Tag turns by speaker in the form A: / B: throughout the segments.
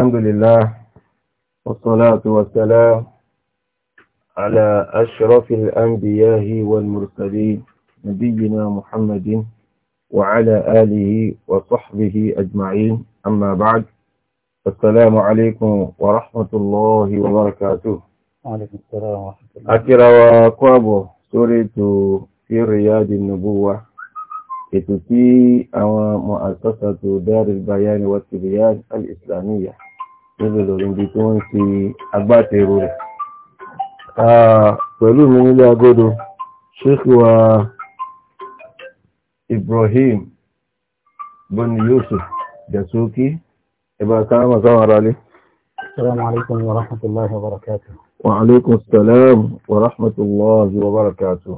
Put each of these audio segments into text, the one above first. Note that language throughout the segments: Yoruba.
A: الحمد لله والصلاة والسلام على أشرف الأنبياء والمرسلين نبينا محمد وعلى آله وصحبه أجمعين أما بعد السلام عليكم ورحمة الله وبركاته وعليكم السلام ورحمة الله أكرا وقابو سورة في رياض النبوة ètò أو مؤسسة دار البيان والتبيان الإسلامية níbi ìlọrin ibi tí wọ́n ń ṣe agbátẹrù rẹ̀. pẹ̀lú mi nílé agodo sheikh wa Ibrahim bọ́ni Yusuf Dasuki ẹ̀bà káwọn káwọn ara lé.
B: Assalamu alaikum wa rahmatullahi wa barakatuh.
A: Wa alaikum salam wa rahmatullahi wa barakatuh.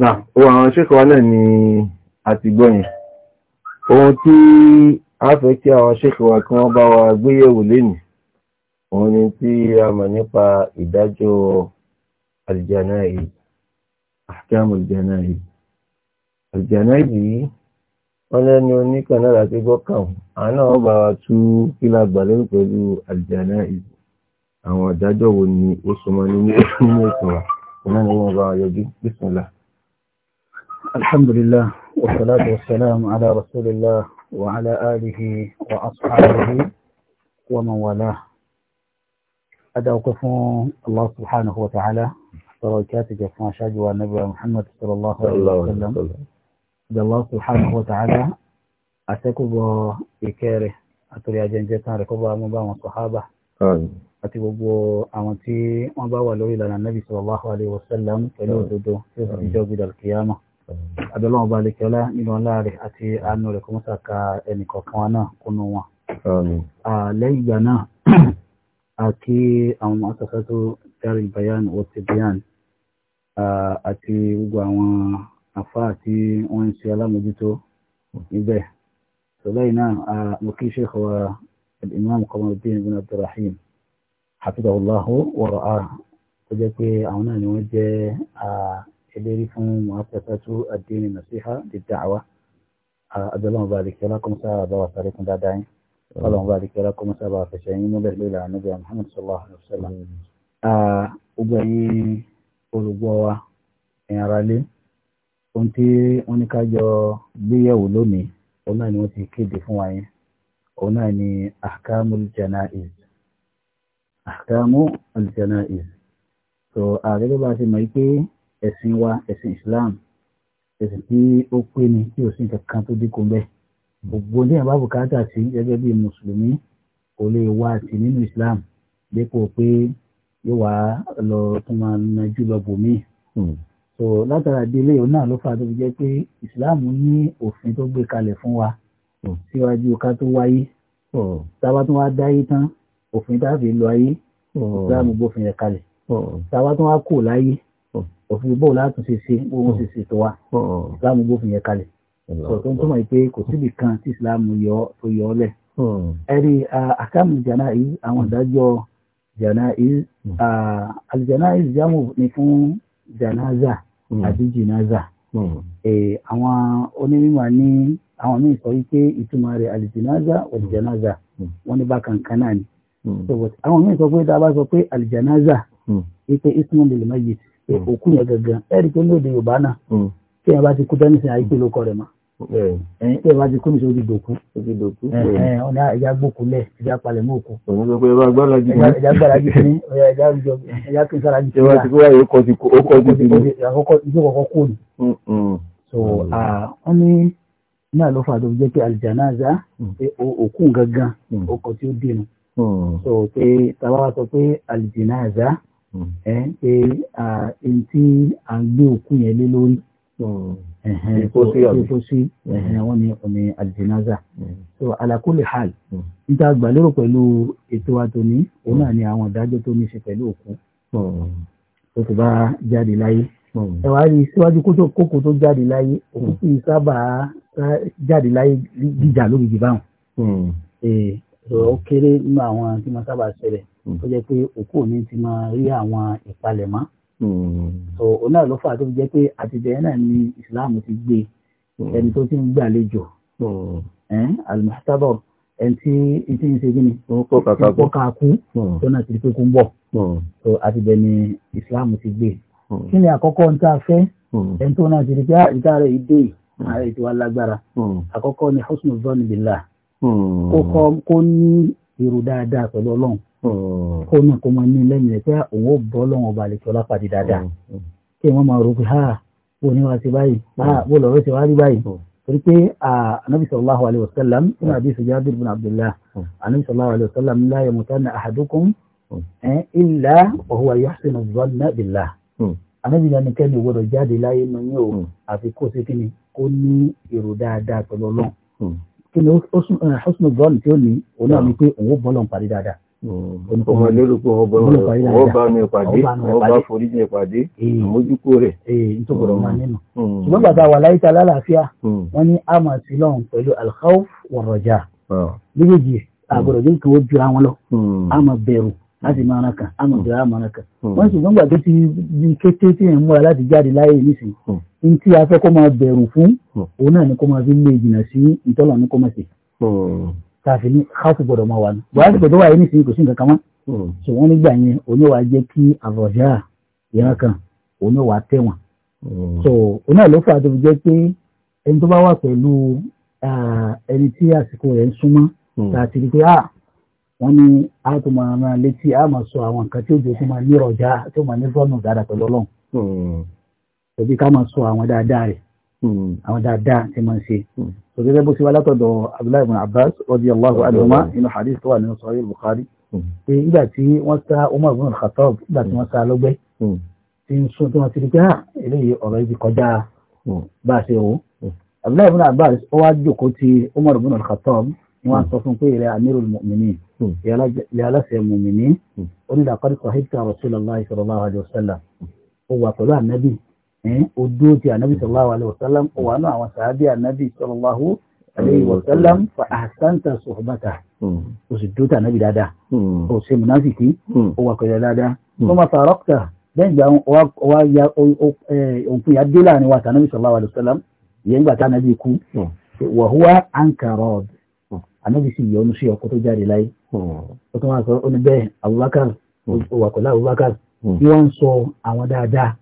A: Náà, ó àwọn ṣékọ̀ọ́ náà ni a ti gbọ́yìn. Ohun tí a fẹ́ kí àwọn ṣèkì wa kí wọ́n bá wa gbéyẹ̀wò lénìí òun ni tí a mọ̀ nípa ìdájọ́ àlìjànáì àkàmù àlìjànáì àlìjànáì yìí wọ́n lẹ́nu oníkan náà láti gbọ́ kàn án náà wọ́n bá wa tú kí la gbà lórí pẹ̀lú àlìjànáì àwọn ìdájọ́ wo ni ó súnmọ́ nínú ètò wa iná ni wọ́n bá wa yọjú bísùnlá. alhamdulillah wa salatu wa salam ala rasulillah وعلى آله
B: وأصحابه ومن والاه أدعوكف الله سبحانه وتعالى بركاته جفنا شاجوا النبي محمد صلى الله عليه وسلم أدعو الله سبحانه وتعالى أتكب إكاره أتري أجنجتنا ركبا مبا والصحابة àti gbogbo àwọn tí wọ́n bá wà lórí ìlànà nàbì sallallahu alaihi wasallam pẹ̀lú òdodo tí abẹ́lọ́wọ́n bá lékẹ́ ọlá nínú ọlá rẹ̀ àti àánú rẹ̀ kọmọ́sà ka ẹnìkọ̀ọ̀kan wa náà kúnnú wọn. lẹ́yìn ìgbà náà àti àwọn asọ̀sọ́ tó dárí bayan wọ́tí bayan àti gbogbo àwọn afá àti wọ́n ń ṣe alámójútó níbẹ̀. sọlẹ́yìn náà mo kí ṣe kọ́ imam Qamaruddin bin Abdurrahim hafidahullahu wa ra'ah tó jẹ́ pé àwọn náà ni wọ́n jẹ́ ìlérí fún mu'assasatu ad-dini nasiha lid-da'wa abdullahi barik yala kuma sa ba wa sare kun da dayin Ọlọ́run barik yala kuma sa ba fa shayin mu bẹ̀rẹ̀ lórí ànábì Muhammad sallallahu alaihi wasallam ọgbà yìí olùgbọ́ wa ẹ̀yàn ara lé ohun tí wọ́n ní ká jọ gbéyẹ̀wò lónìí òun ni wọ́n ti kéde fún wa yẹn òun ni ahkamul janaiz ahkamul janaiz so àgẹ́gẹ́ ẹ̀sìn wa ẹ̀sìn Islam ẹ̀sìn tí ó pé ni tí ò sí nǹkan kan tó dínkù bẹ́ẹ̀ gbogbo ní ẹ̀bá bùkátà sí gẹ́gẹ́ bí mùsùlùmí kò lè wá sí nínú Islam dípò pé yóò wá lọ tún máa nájú lọ bòmí. Hmm. so látara délé òun náà ló fà tó fi jẹ́ pé Islam ní òfin tó gbé kalẹ̀ fún wa hmm. síwájú ká tó wáyé hmm. táwa tó wá dáyé tán òfin tá lọ ayé Islam gbófin rẹ̀ kalẹ̀ táwa tó wá kò láyé òfin bó láti ṣe ṣe ohun ṣe ṣe tó wa islam gbófin yẹn kalẹ̀ sọ̀rọ̀ tó ń túmọ̀ pé kò síbi kan tí islam yọ tó yọ ọ́ lẹ̀ ẹ̀rí àkàmù jana yìí àwọn hmm. ìdájọ́ jana yìí hmm. àlùjana yìí jámù ni fún janaza hmm. àti jinaza àwọn onímọ̀ ní àwọn míì sọ wípé ìtumọ̀ rẹ̀ àlùjanaza wàlùjanaza wọ́n ní bákan kan náà ni àwọn míì sọ pé tá sọ pé àlùjanaza wípé ismu lil mayyit Mm. òkú yẹn gangan ẹ̀rí pé lóde yorùbá náà mm. tí ẹ bá ti kú tẹ́nìsì àyíké ló kọ rẹ̀ mọ́ ẹ̀yìn tí ẹ bá ti kú nìṣó ti dòkú ọ̀nà ẹ̀yà gbókùlẹ̀ ẹ̀yà palẹ̀ mọ́ òkú.
A: ẹ̀yà gbára jù ní
B: ẹ̀yà tó sára jù sílá
A: ìṣòkòkò kú ni. Mm, so wọ́n
B: ní náà ló fà tó jẹ́ pé àlìjànáza òkú gangan ọkọ̀ tí ó dènù so pé tàbá wa sọ pé àlìjànáza ẹ̀ ń pe ẹni tí à ń gbé òkú yẹn lé lórí kó sí wọ́n ní ọ̀nà àjẹnáza so alakuli hal níta gbàlérò pẹ̀lú ètò àtòní òun náà ni àwọn ìdájọ́ tó ní ṣe pẹ̀lú òkú tó ti bá jáde láyé ẹ wá rí síwájú kókò tó jáde láyé òkú sì sábà jáde láyé jíjà lórí jìbáwọn ó kéré nínú àwọn tí wọ́n sábà ṣẹlẹ̀ tó hmm. jẹ́ pé òkú mi ti máa rí àwọn ìpalẹ̀mọ́ hmm. so òun náà ló fà tó fi jẹ́ pé àtijọ́ náà ni Islam ti gbé hmm. ẹni tó ti ń gbàlejò alimusitabọ ẹni tí ìtí ń ṣe gíní tó kọ́ka kú tó náà ti di pé kó ń bọ̀ so àtijọ́ ni Islam ti gbé kí ni àkọ́kọ́ ń tá a fẹ́ ẹni tó náà ti di pé ah, ìta rẹ̀ ìdè ààrẹ ètò alágbára àkọ́kọ́ ni husnu zọ́nìbìlà kó ní èrò dáadáa pẹ̀lú Ọlọ́run kó mm. náà kó máa ní lẹ́yìn rẹ̀ pé òun ó bọ́ lọ́wọ́ ọba àlejò ọlápàdé dáadáa mm, mm, kí wọ́n máa rò pé ha ah, bó ni wàá ṣe báyìí ha ah, bó lọ́rọ́ ṣe wá rí báyìí torí pé anabi sallallahu alayhi wa sallam ní hadith Jabir bin Abdullah anabi sallallahu alayhi wa sallam la yamutanna ahadukum illa wa huwa yuhsinu dhanna billah anabi lẹni kẹ́ni gbọ́dọ̀ jáde láyé nu o àfi kó ṣe kíni kó ní èrò dáadáa pẹ̀lú ọlọ́run kíni husnu dhann tí ó ní òun náà pé òun ó bọ́ lọ́n parí dáadáa.
A: Mm-hmm. ọmọ mm-hmm. lérò pé wọ́n bá mi pàdé wọ́n bá forí mi pàdé eh. àmójúkó rẹ̀. Eh, ntòkòrò máa mm-hmm. nínú. ṣùgbọ́n bàbá
B: wa láyé lálàáfíà wọ́n ní àmọ̀ sí lọ́hùn pẹ̀lú alkhawf wọ̀rọ̀jà ah. méjèèjì àgbọ̀dọ̀ ní kí wọ́n ju àwọn lọ àmọ̀ bẹ̀rù láti máa ran kan àmọ̀ bẹ̀rù àmọ̀ ran kan. wọ́n sì gbọ́ngbà tó ti di kété tí ẹ̀ ń múra láti jáde láyé nísìnyí ntí a fẹ́ kó máa bẹ̀rù fún òun náà ni kó máa fi lè jìnnà sí ìtọ́lọ̀ ní kó máa tààfin ní káàsì gbọdọ̀ máa wà ní. buhari gbọdọ̀ wà yìí nísìnyí kò sí nǹkan kan mọ́. Hmm. sọ wọ́n nígbà yẹn oníwà jẹ́ kí àròjà ìran kan oníwà tẹ̀wọ̀n. Hmm. so oníwà ló fà á tó fi jẹ́ pé ẹni tó bá wà pẹ̀lú ẹni tí àsìkò rẹ̀ ń súnmọ́ hmm. tààtì rí pé a wọ́n ní a tó máa máa létí a máa sọ àwọn nǹkan tí ó jẹ́ kó máa ní rọ̀jà tó máa ní fọ́ọ̀nù dáadáa pẹ̀lú ọlọ́run. tòbí ká máa sọ àwọn dáadáa rẹ̀ àwọn dáadáa tí máa ń ṣe gẹ́gẹ́ bó ṣe wá látọ̀dọ̀ abdullahi ibn abbas radiyallahu anhuma inú hadith tó wà nínú sahih bukhari hmm. pé nígbà tí wọ́n sá umar ibn khattab nígbà tí wọ́n sá lọ́gbẹ́ hmm. tí ń sún tí wọ́n ti rí pé ah, eléyìí ọ̀rọ̀ ibi kọjá hmm. bá a ṣe wò abdullahi ibn abbas ó wá jókòó ti umar ibn khattab ni wọ́n sọ fún pé ìrẹ́ amirul mu'minin ìyá aláṣẹ mu'minin ó ní laqad sahibta rasulallah sallallahu alayhi wa sallam ó wà pẹ̀lú ànábì odó ti ànábì sallallahu alayhi wa sallam ọwọ́ àná àwọn sàábì ànábì sallallahu alayhi wa sallam fa ahsanta suhbata o hmm. sì dúró ti ànábì dáadáa o hmm. ṣe munafiki o wà pẹ̀lẹ́ dáadáa tó máa fa rọ́kítà lẹ́yìn ìgbà wa ya òkun ya dé láàrin wa tànábì sallallahu alayhi wa sallam ìyẹn gbà tànábì kú hmm. wa huwa ankarod ànábì sì yọ ọ́nù sí ọkọ̀ tó jáde láyé ó tó máa sọ ó bẹ́ẹ̀ Abubakar ó wà pẹ̀lú Abubakar tí wọ́n ń sọ àwọn dáadáa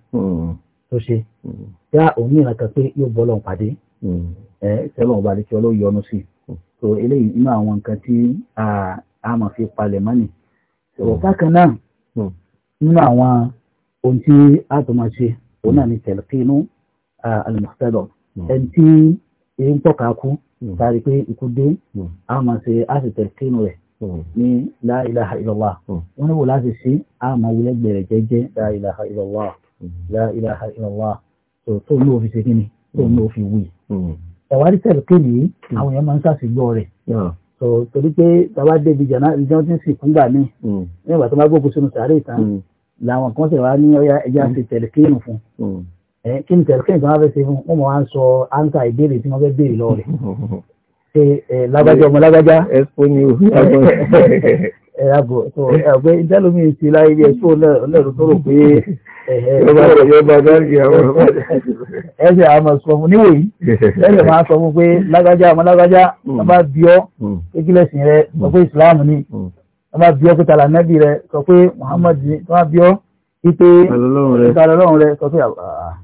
B: tó ṣe hmm. yá òun ní ìrànkàn pé yóò bọ́ lọ́n pàdé hmm. ẹ sẹ́lọ̀ ọba àdìsí ọlọ́ yọnu sí hmm. so eléyìí inú àwọn nǹkan tí a máa fi palẹ̀ mọ́nì bákan náà nínú àwọn ohun tí a tó máa ṣe òun náà ni tẹ̀lẹ́kínú alimọ̀tẹ́dọ̀ ẹni tí èyí ń tọ́ka kú sáré pé ikú dé a máa ṣe a sì tẹ̀lẹ́kínú rẹ̀ ní la ilaha illallah wọn ní wò láti ṣe a máa wulẹ̀ gbẹ̀rẹ̀ jẹ́jẹ́ la ilaha illallah ẹ̀sìn la ilaha illallah tó tó ló fi ṣe kí ni tó ló fi wí. ẹ̀wá rí tẹ̀lé kéde yìí àwọn èèyàn máa ń ṣàṣìgbọ́ rẹ̀ tó torí pé bàbá débi jàná ìjọ tí ń sì fún gbà mí nígbà tó bá gbógun sínú sàárè ìtàn làwọn kan sì wá ní ọyá ẹja ṣe tẹ̀lé kéde fún kí ni tẹ̀lé kéde tó wá fẹ́ ṣe fún wọn máa ń sọ áńkà ìbéèrè tí wọ́n fẹ́ béèrè lọ ṣe lágbájá ọmọ
A: lágbájá ẹ̀yàbọ̀
B: eh. ẹ̀gbẹ́ ìdálómi ti láyé ilé ẹ̀ṣọ́ lẹ́rù tó rò pé eh, eh, ẹ̀ṣẹ̀ àmọ̀ sọ fún níwò yìí
C: ẹ̀ṣẹ̀ máa sọ
B: fún pé lágbájá ọmọ lágbájá ọba hmm. bíọ́ ekílẹ̀sìn hmm. rẹ sọ hmm. pé ìsìláàmù ni ọba bíọ́ pé tàlà nẹ́bì rẹ sọ pé Muhammad ọba bíọ́ pípé ìtàlọ́lọ́run rẹ sọ pé ah.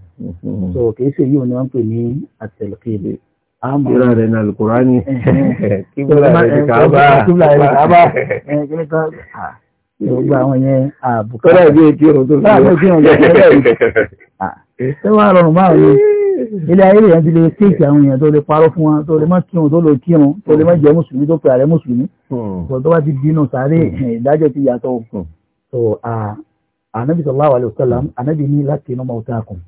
B: kìí ṣe yìí ni wọ́n ń pè
A: ní àtẹ̀lẹ́kẹ̀lẹ́ àmbúrà rẹ̀ ní alùkùránì kíbùlà rẹ̀ ní kàábà gbogbo àwọn yẹn àbùkà tọ́lá ìgbé
B: etí ọ̀rọ̀ tó fi wọ́n kí wọ́n yẹ
C: kẹ́kẹ́ tó wà rọrùn báwọn yẹn ilé
B: ayé rẹ̀ ti lè kéèkì àwọn èèyàn tó lè parọ́ fún wọn tó lè má kírun tó lè kírun tó lè má jẹ́ mùsùlùmí tó pe ààrẹ mùsùlùmí tó bá ti bínú sáré ìdájọ́ ti yàtọ̀ anabi sallallahu alaihi wasallam anabi ní láti inú mọ̀ọ́tà kan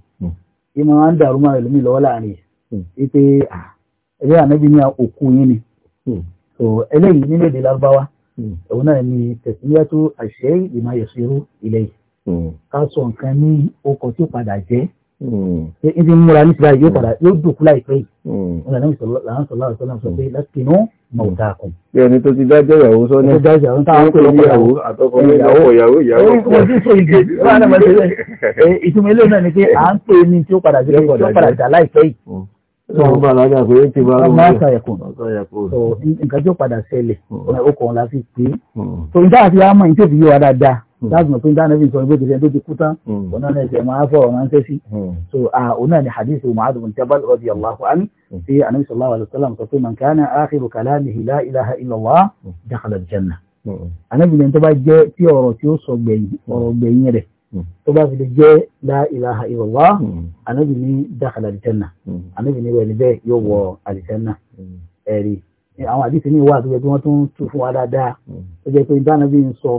B: ìmọ̀ à ń dàrú máa lómi lọ́wọ́ láàrin yìí ẹ̀rẹ́ ànábì ní òkú yín ni hmm. so eléyìí nílé èdè lárúbáwá hmm. òun náà ni tẹ̀síwájú àṣẹ ìmáyẹ̀sọ́rọ́ ilẹ̀ yìí ká sọ nǹkan ní okọ̀ tí ó padà jẹ́ ibi hmm. múra ní tìláyì yóò padà yóò dùkú láìpẹ́ yìí wọn làwọn sọlá làwọn sọlá sọlá sọ pé látinú mọ̀ọ́dà kan.
A: bí tó ti dájọ́ ìyàwó sọ́ni ní ìyàwó àtọkọ ìyàwó ìyàwó ìyàwó. ó
B: ìtumọ̀ eléyìí náà ni pé à ń pè ní tí ó padà jẹ́ láìpẹ́ yìí
A: ọba alága pé ó ti bá ọmọ ọ̀sán
B: ẹ̀kùn nǹkan tí ó padà ṣẹlẹ̀ hmm. ọkọ̀ ọ̀la fi pé tó hmm. ń dáàfi àmọ́ ní tètè yé wa dáadáa láti mọ̀ pé ń dáná fi sọ pé tètè tó ti kú tán
C: òun hmm. náà ẹsẹ̀
B: máa fọ ọ̀rọ̀ ránṣẹ́ sí so òun náà ni hadith Mu'adh bin Jabal radiyallahu anhu tí anabi sallallahu alayhi wa sallam sọ pé man kana akhiru kalamihi la ilaha illallah dakhala al-jannah anabi lẹ́ni tó bá jẹ́ tí ọ̀rọ̀ tí ó sọ gbẹ̀yìn ọ̀rọ̀ gbẹ̀yìn rẹ̀ tó bá fi lè jẹ́ la ilaha illallah anábì ní dákàlà àlìjẹ́nà anábì ní wẹ̀ níbẹ̀ yóò wọ àlìjẹ́nà ẹ̀rí àwọn àdìsí ní ìwà àtúgbẹ́ tí wọ́n tún tún fún wa dáadáa tó jẹ́ pé dáná bí n sọ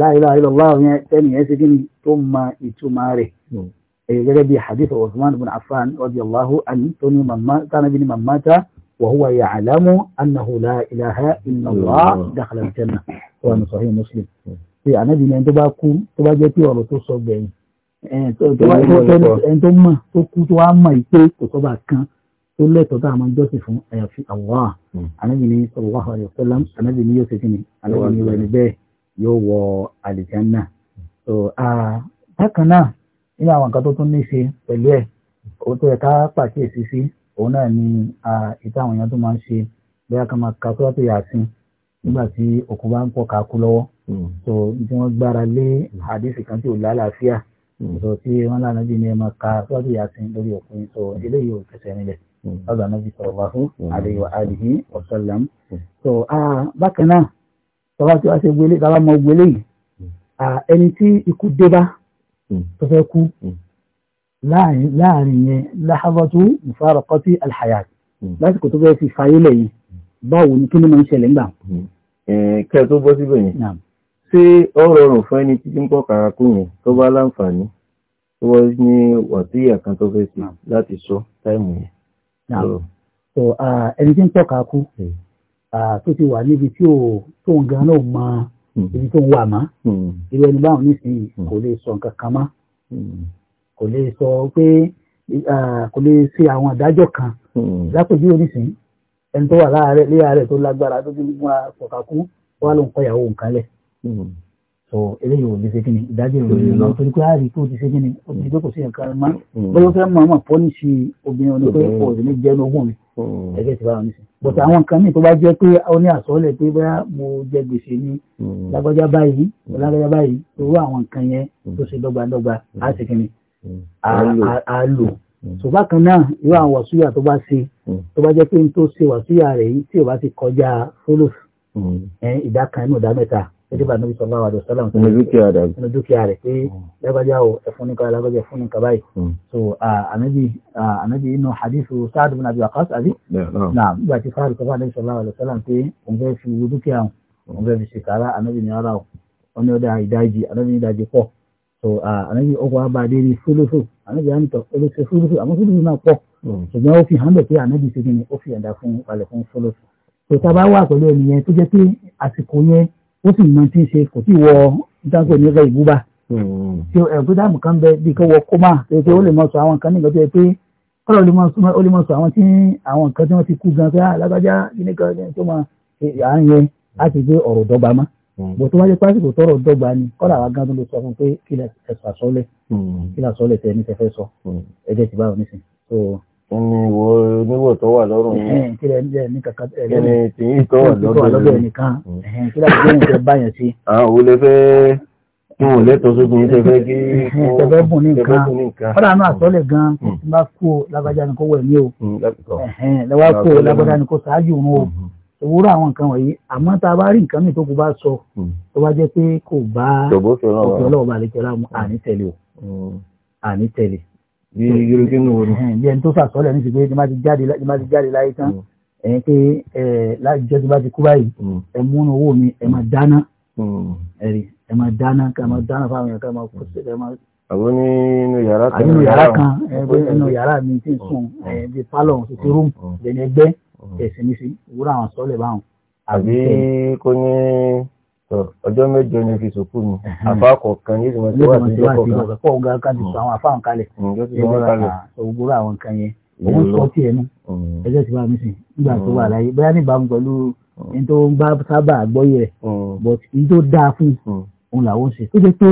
B: la ilaha illallah yẹn tẹ́nì yẹn ṣe kí ni tó mọ ìtumọ̀ rẹ̀ gẹ́gẹ́ bí hadith Uthman ibn Affan radiyallahu anhu tó ní dáná bí ni mamata وهو يعلم أنه لا إله إلا الله دخل الجنة وهو صحيح مسلم pé ànábì ni ẹni tó bá kú tó bá jẹ́ pé ọ̀rọ̀ tó sọ gbẹ̀yìn ẹni tó mọ̀ tó kú tó wá mọ̀ yìí pé kò sọ́ba kan tó lẹ́tọ̀ọ́ tá a máa jọ́sìn fún àyàfi Allah hmm. ànábì ni sallallahu alaihi wasallam ànábì ni yóò ṣe kíni ànábì ni wẹni bẹ́ẹ̀ yóò wọ àlìjánná bákan náà nínú àwọn nǹkan tó tún ní ṣe pẹ̀lú ẹ̀ òun tó yẹ ká pàkíyèsí sí òun náà ni ìta àwọn èèyàn tó máa ń ṣe bóyá ká máa ka sọ́dọ̀ Hmm. so bí wọ́n gbára lé àdéhùn hmm. kan tí ò lálàáfíà hmm. so tí wọ́n lànà bí ní ẹ máa ka sọ́ọ̀tì yasin lórí òkun so eléyìí ò fẹsẹ̀ nílẹ̀ ọ̀dọ̀ náà fi sọ̀rọ̀ fún àdéhùn àdéhùn ọ̀sọ̀lám so bákan náà tọ́ba tí wọ́n ṣe gbélé tọ́ba mọ gbélé yìí ẹni tí ikú dé bá tó fẹ́ kú láàrin yẹn láhábọ́tú mufarakọ́tì alhayat lásìkò tó fẹ́ fi fayé lẹ̀ yìí báwo ni kí ni mo ń ṣẹlẹ̀ ńgbà.
A: kẹ́ ẹ tó bọ́ síbẹ̀ yẹn ṣé ó rọrùn fún ẹni títí ń pọ̀ kàràkù yẹn tó bá láǹfààní tó wọ́n ní wàtíyà kan tó fẹ́ sí láti sọ táìmù yẹn. so ẹni tí ń pọ̀ kàràkù tó ti wà
B: níbi tí ò tó ń gan náà mọ hmm. ibi tó ń wà mọ́ hmm. irú ẹni báwọn nísìnyí hmm. kò lè sọ nǹkan kan mọ́ kò lè sọ pé kò lè ṣe àwọn àdájọ́ kan lápèjú onísìnyí ẹni tó wà láàárẹ̀ tó lágbára tó ti mú àpọ̀kàkù wà ló ń kọ́ ìyàwó nǹkan lẹ̀. Hmm. so eléyìí ò lè ṣe kíni ìdájọ́ ìròyìn lọ torí pé àárí ah, tó ti ṣe kíni ó ti dókòó sí ẹ̀ka hmm. máa bóyá ó fẹ́ mọ àwọn pọ́níṣì obìnrin ọ̀nà pé kò ní jẹ́ ní ogún mi hmm. ẹgbẹ́ ti bá wọn níṣẹ́ but àwọn nǹkan míì tó bá jẹ́ pé ó ní àsọ́ọ́lẹ̀ pé bóyá mo jẹ gbèsè ní lágbájá báyìí lágbájá báyìí irú àwọn nǹkan yẹn tó ṣe dọ́gbadọ́gba á ṣe kíni á lò ṣùgbọ́n kan náà irú àwọn wàsíyà tó bá ṣe tó bá jẹ́ pé n tó ṣe wàsíyà rẹ̀ yìí tí ò bá ti kọjá fólòfù ìdá kan inú ìdá mẹ́ta gẹ́gẹ́ bá níbi sọ̀rọ̀ àwàdì ọ̀sọ́lá nínú dúkìá rẹ̀ pé hmm. lágbájá o ẹ̀fún ní kaba lágbájá ẹ̀fún ní kaba yìí hmm. so ànábì ànábì inú hadithu sáàdù bin abi waqas àbí náà nígbà tí fáàlì kọ́fà níbi sọ̀rọ̀ àwàdì ọ̀sọ́lá pé òun fẹ́ fi wo dúkìá òun hmm. fẹ́ fi ṣe kàrà ànábì ní ara o wọn ni ó dá ìdájì ànábì ní ìdájì pọ̀ so ànábì ó wá bá a dé ní fúlùfù ànábì á ń tọ́ ó lè ṣe fúlùfù àmọ́ fúlùfù náà pọ̀ ṣùgbọ́n ó fi hàn lọ pé ànábì ṣe kí ni ó fi ẹ̀dá fún balẹ̀ fún fúlùfù so tá a bá wà pẹ̀lú ẹni ó sì mọ tí ń ṣe kò sí wọ dáńgò nígbà ìbúba tí ẹ̀gbẹ́ dáàmù kan bẹ bí kò wọ kómà pé ó lè mọ sọ àwọn kan nígbà tó yẹ pé kọ́lọ̀ ó lè mọ sọ àwọn tí àwọn nǹkan tí wọ́n ti kú gan pé alágbájá ah, kíní kan ní tó máa àárín yẹn láti gbé ọ̀rọ̀ dọ́gba mọ́ hmm. bó tó wáyé pásítọ̀ tọrọ dọ́gba ni kọ́lọ̀ àwa gan tó lè sọ fún pé kí
A: lè sọ àsọlẹ̀ hmm. kí lè sọ lẹ̀ tẹ̀ ní tẹ̀ fẹ́ sọ hmm. ẹ̀jẹ̀ ti báyọ̀ nísìnyí ẹni wo oníwò tó wà lọ́rùn yẹn kí ni tìyí tó wà lọ́dọ̀
B: ẹnìkan mm. kí láti gbé nǹkan báyọ̀ sí.
A: àwọn olè fẹ́ tí wọn lẹ́tọ̀ọ́ sókun yìí tẹ́fẹ́ kí tẹ́fẹ́ bùn ní nǹkan fọ́nà
B: náà àtọ́lẹ̀ gan mm. tí bá kú o lágbájá ni kò wẹ̀ mí o
C: mm, lẹ́wà kú o lágbájá ni
B: kò ṣáájú òun o ìwúrọ̀ mm-hmm. àwọn nǹkan wọ̀nyí àmọ́ tá a bá rí nǹkan mi tó kù bá sọ tó bá jẹ́ pé kò bá òfin ọlọ́wọ́ bá lè bí irú kí nù wọ́n. bí ẹni tó sàsọ́lẹ̀ ní ṣùgbọ́n ìdímá ti jáde láyé tán mm. ẹ̀yìn pé lájọ́ tó bá ti kú báyìí mm. ẹ múnú owó mi ẹ máa dáná mm. ẹ̀rí ẹ máa dáná ká máa dáná fáwọn èèyàn ká máa kó sí ẹ
A: máa. àbó nínú yàrá kan nínú yàrá kan nínú
B: yàrá mi ti sùn bíi pálọ̀ títí rúm lẹ́ni ẹgbẹ́ ẹ̀sìn mi sí ìwúrọ̀ àwọn sọ́lẹ̀ báwọn. àbí
A: kò ní ọjọ́ mẹ́jọ ni fi sòkú mi
B: àfa kọ̀ọ̀kan yìí tí wọ́n ti wá sí ìjọ kọ̀ọ̀kan. pọ̀ ọ̀gá káàdì sọ àwọn àfáàn kalẹ̀ mm, ògbóró àwọn nǹkan yẹn òun mm. sọ tí ẹnu mm. ẹjọ́ ti wá mi sìn nígbà tó wà láyé bóyá níbàámu pẹ̀lú ní tó ń bá sábà gbọ́yè rẹ̀ but èyí tó dáa fún òun làwọn ṣe tó jẹ pé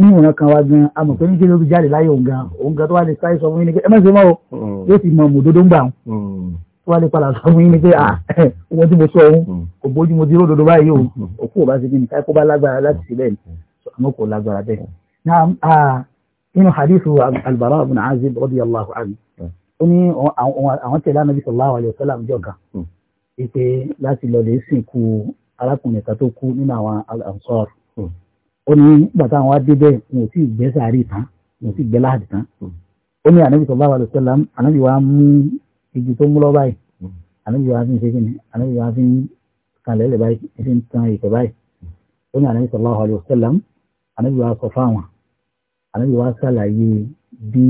B: inú ìran kan wá gan amọ̀ pé níṣẹ́ ló jáde láyé òun gan òun gan tó wá lè sáré sọ fún
C: yín
B: wọ́n á lè padà sọ fún yín ni pé ah, eh, ohun tí mo sọ ohun mm. kò bójú mo ti rí òdodo báyìí o mm. òkú ò bá ṣe bíi káyọ̀ kó bá lágbára láti ṣe bẹ́ẹ̀ àmọ́ kò lágbára bẹ́ẹ̀. nínú ah, hadithu albara ibn azib radiyallahu anhu mm. ó ní àwọn tẹ̀lé anabi sallallahu alayhi wa sallam jọ kan láti lọ lè sìnkú arákùnrin kan tó kú nínú àwọn ansar ó ní bàtà àwọn adébẹ̀ wọn ò tí ì gbẹ́ tán wọn ò tí ì gbẹ́ tán ó ní anabi sallallahu alayhi wa sallam anabi wa mú igi tó mú lọ báyìí mm. ànábì wa fi ń ṣe kí ni ànábì wa fi ń kalẹ̀ lẹ̀ báyìí fi ń tan ìpè báyìí mm. ó ní ànábì sallallahu alaihi wasallam ànábì wa sọ fáwọn ànábì wa ṣàlàyé bí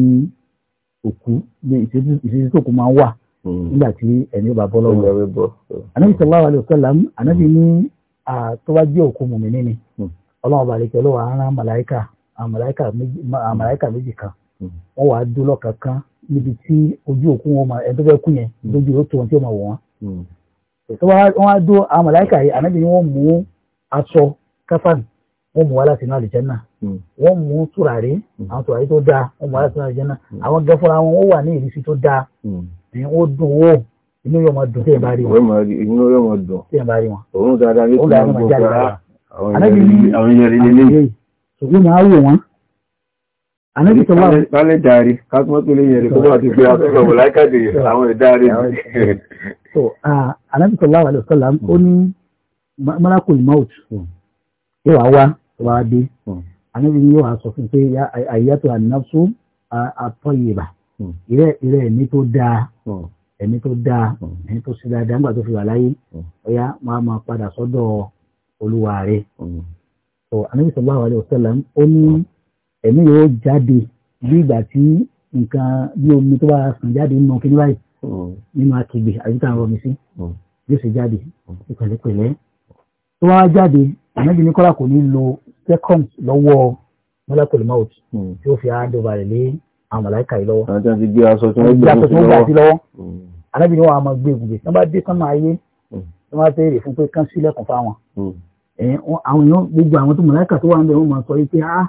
B: òkú bí ìṣesí tó kù máa ń wà mm. nígbà tí ẹni ó bá bọ́ lọ́wọ́ ànábì sallallahu alaihi wasallam ànábì ní tó bá jẹ́ òkú mùmínì ni ọlọ́run níbi tí ojú òkú wọn máa ẹni tó fẹ́ kú yẹn lójú ó tó wọn tí ó máa wọ̀ wọ́n. wọ́n á dó àwọn màláìkà yìí ànábì ni wọ́n mú aṣọ káfáànì wọ́n mú wa láti inú àlùjánnà wọ́n mú tùràrí àwọn tùràrí tó dáa wọ́n mú wa láti inú àlùjánnà àwọn gẹ́fọ́ra wọn ó wà ní ìrísí tó dáa
A: ni ó dùn wò inú yóò máa dùn téèyàn bá rí wọn. inú yóò máa dùn téèyàn bá rí wọn. òun dáadáa Ànábì sọ wọ́n. Bálẹ̀ dárí, kásùmọ́ tó lè yẹ̀rẹ̀ kó bá ti gbé àtúnṣe wò láìkàdé àwọn ìdárí. So,
B: Ànábì sọ wọ́n wà lọ sọ́la, ó ní Malakul Maut,
A: hmm.
C: yóò wá wá, wá dé. Hmm.
B: Ànábì yóò wá sọ fún pé àyàtò ànáfsù àtọ́yèbà. Ìrẹ́ ìrẹ́ ẹ̀mí tó dáa, hmm. ẹ̀mí tó dáa, ẹ̀mí tó sí dáadáa nígbà tó fi wà láyé. Ọ̀yá máa máa padà sọ́dọ̀ olúwa rẹ̀. So, Ànábì sọ wọ́n wà lọ sọ́la, ó ní ẹ̀mí yóò jáde bí ìgbà tí nǹkan bí omi tó bá sàn jáde nínú kí báyìí nínú akigbe àyíká àwọn omi sí yóò ṣe jáde pẹ̀lẹ́pẹ̀lẹ́ tó wá jáde ànábi ní kọ́lá kò ní lo second lọ́wọ́ molecule mouth tí ó fi àádọ́ba rẹ̀ lé
A: àwọn màláìka yìí lọ́wọ́. àwọn tí wọ́n ti gbé aṣọ tí wọ́n gbé àti lọ́wọ́ mm.
B: ànábi ni wọ́n á máa gbé egùnjẹ tí wọ́n bá dé sánmà ayé mm. tí wọ́n á fẹ́ rè fún pé kán fáwọn. Mm. àwọn èèyàn gbogbo àwọn tó màláìka tó wà ń bẹ̀ wọ́n máa sọ yìí pé ah,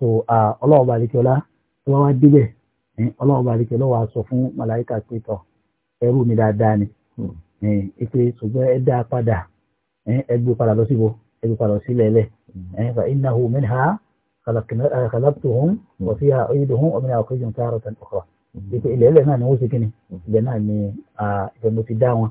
B: so ọlọ́run bá àdìkẹ́ ọlá tó bá wá débẹ̀ ọlọ́run bá àdìkẹ́ lọ́wọ́ aṣọ fún màláìka pé tọ̀ ẹrú mi dáadáa ni ìpè hmm. ṣùgbọ́n ẹ dá padà ẹ gbé padà lọ síbo ẹ gbé padà sí lẹ́lẹ̀ hmm. fa innahu minha eh, khalaqtuhum hmm. wa fiha u'iduhum wa minha ukhrijuhum taratan ukhra ìpè ilẹ̀ ilẹ̀ náà ni wọ́n ṣe kíni ilẹ̀ náà ni ìfẹ̀mọ́tì dá wọn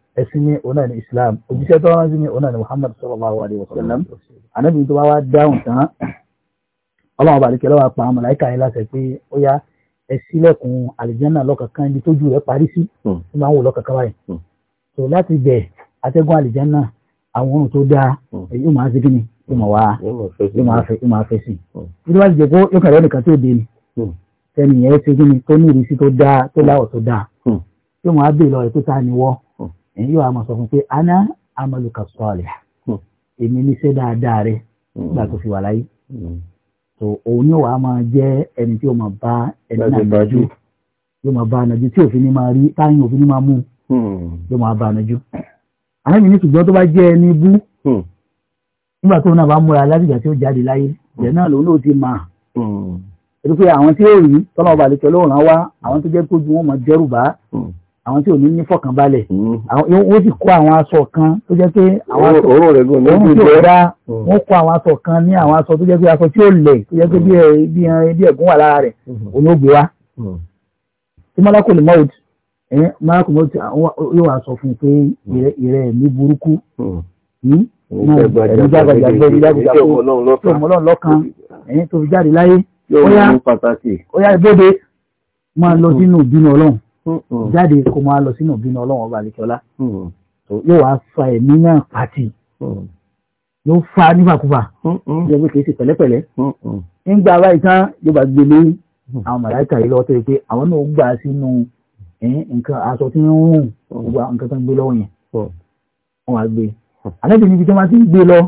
B: ẹ̀sìn ní ọ̀nà ní islam òjíṣẹ́ tó rán sí ní ọ̀nà ní muhammad sallallahu alayhi wa sallam anábìyí tó bá wá dáhùn tán ọlọ́run ọba àdìkẹ́ lọ́wọ́ pa màláíkà yẹn láṣẹ pé ó yá ẹ sílẹ̀kùn àlìjánà lọ́kàkan ibi tójú rẹ̀ parí sí tó hmm. máa ń wò lọ́kàkan báyìí tó hmm. láti bẹ̀ atẹ́gùn àlìjánà àwọn ohun tó dáa hmm. èyí ó máa ṣe kíni ó máa wá ó máa fẹ́ sí i tó ti jẹ́ pé yóò máa ẹ̀yin yóò máa sọ fún pé aná amaluka sọ́ọ̀lẹ̀ hmm. èmi níṣẹ́ dáadáa rẹ̀ hmm. nígbà tó fi wà láyé hmm. so òun yóò wá máa jẹ́ ẹni tí yóò máa bá ẹni náà nájú yóò máa bá nájú tí òfin ní máa rí táyìn òfin ní máa mú yóò máa bá nájú. àlẹ́ mi ní ṣùgbọ́n tó bá jẹ́ ẹni bú nígbà tó náà bá múra lásìgbà tí ó jáde láyé ìjẹ́ náà lòun ló ti máa ètò pé àwọn tí ó rí tọ́lá ọba àlejò lóòrán wá àwọn tó jẹ́ kójú wọn máa jẹ́rù bá àwọn tí ò ní ní fọkànbalẹ̀ hmm. wọ́n sì kó àwọn aṣọ kan tó jẹ́ pé àwọn aṣọ òun tí ò dá hmm. wọ́n kó àwọn aṣọ kan ní àwọn aṣọ tó jẹ́ pé aṣọ tí ò lẹ̀ tó jẹ́ pé bí ẹ̀gún wà lára rẹ̀ hmm. òun ó gbé wá. tí malakul maut malakul maut yóò wá sọ fún un pé ìrẹ́ ẹ̀mí burúkú ẹ̀mí jágbàjà gbẹ́ni jágbàjà tó mọ́lọ́n lọ́kàn tó fi jáde láyé ó yá gbẹ́dẹ́ máa jáde kó máa lọ sínú ìbínú ọlọ́run ọba àlekọ́lá yóò wá fa ẹ̀mí náà pàtì yóò fa nífàkúfà yóò gbé kèésì pẹ̀lẹ́pẹ̀lẹ́ nígbà báyìí tán yóò bá gbélé àwọn màláìka yìí lọ́wọ́ tó yẹ pé àwọn náà gbà sínú nǹkan aṣọ tí wọ́n ń rùn gbogbo nǹkan tó ń gbé lọ́wọ́ yẹn wọ́n wá gbé àlejò níbi tí wọ́n ti ń gbé lọ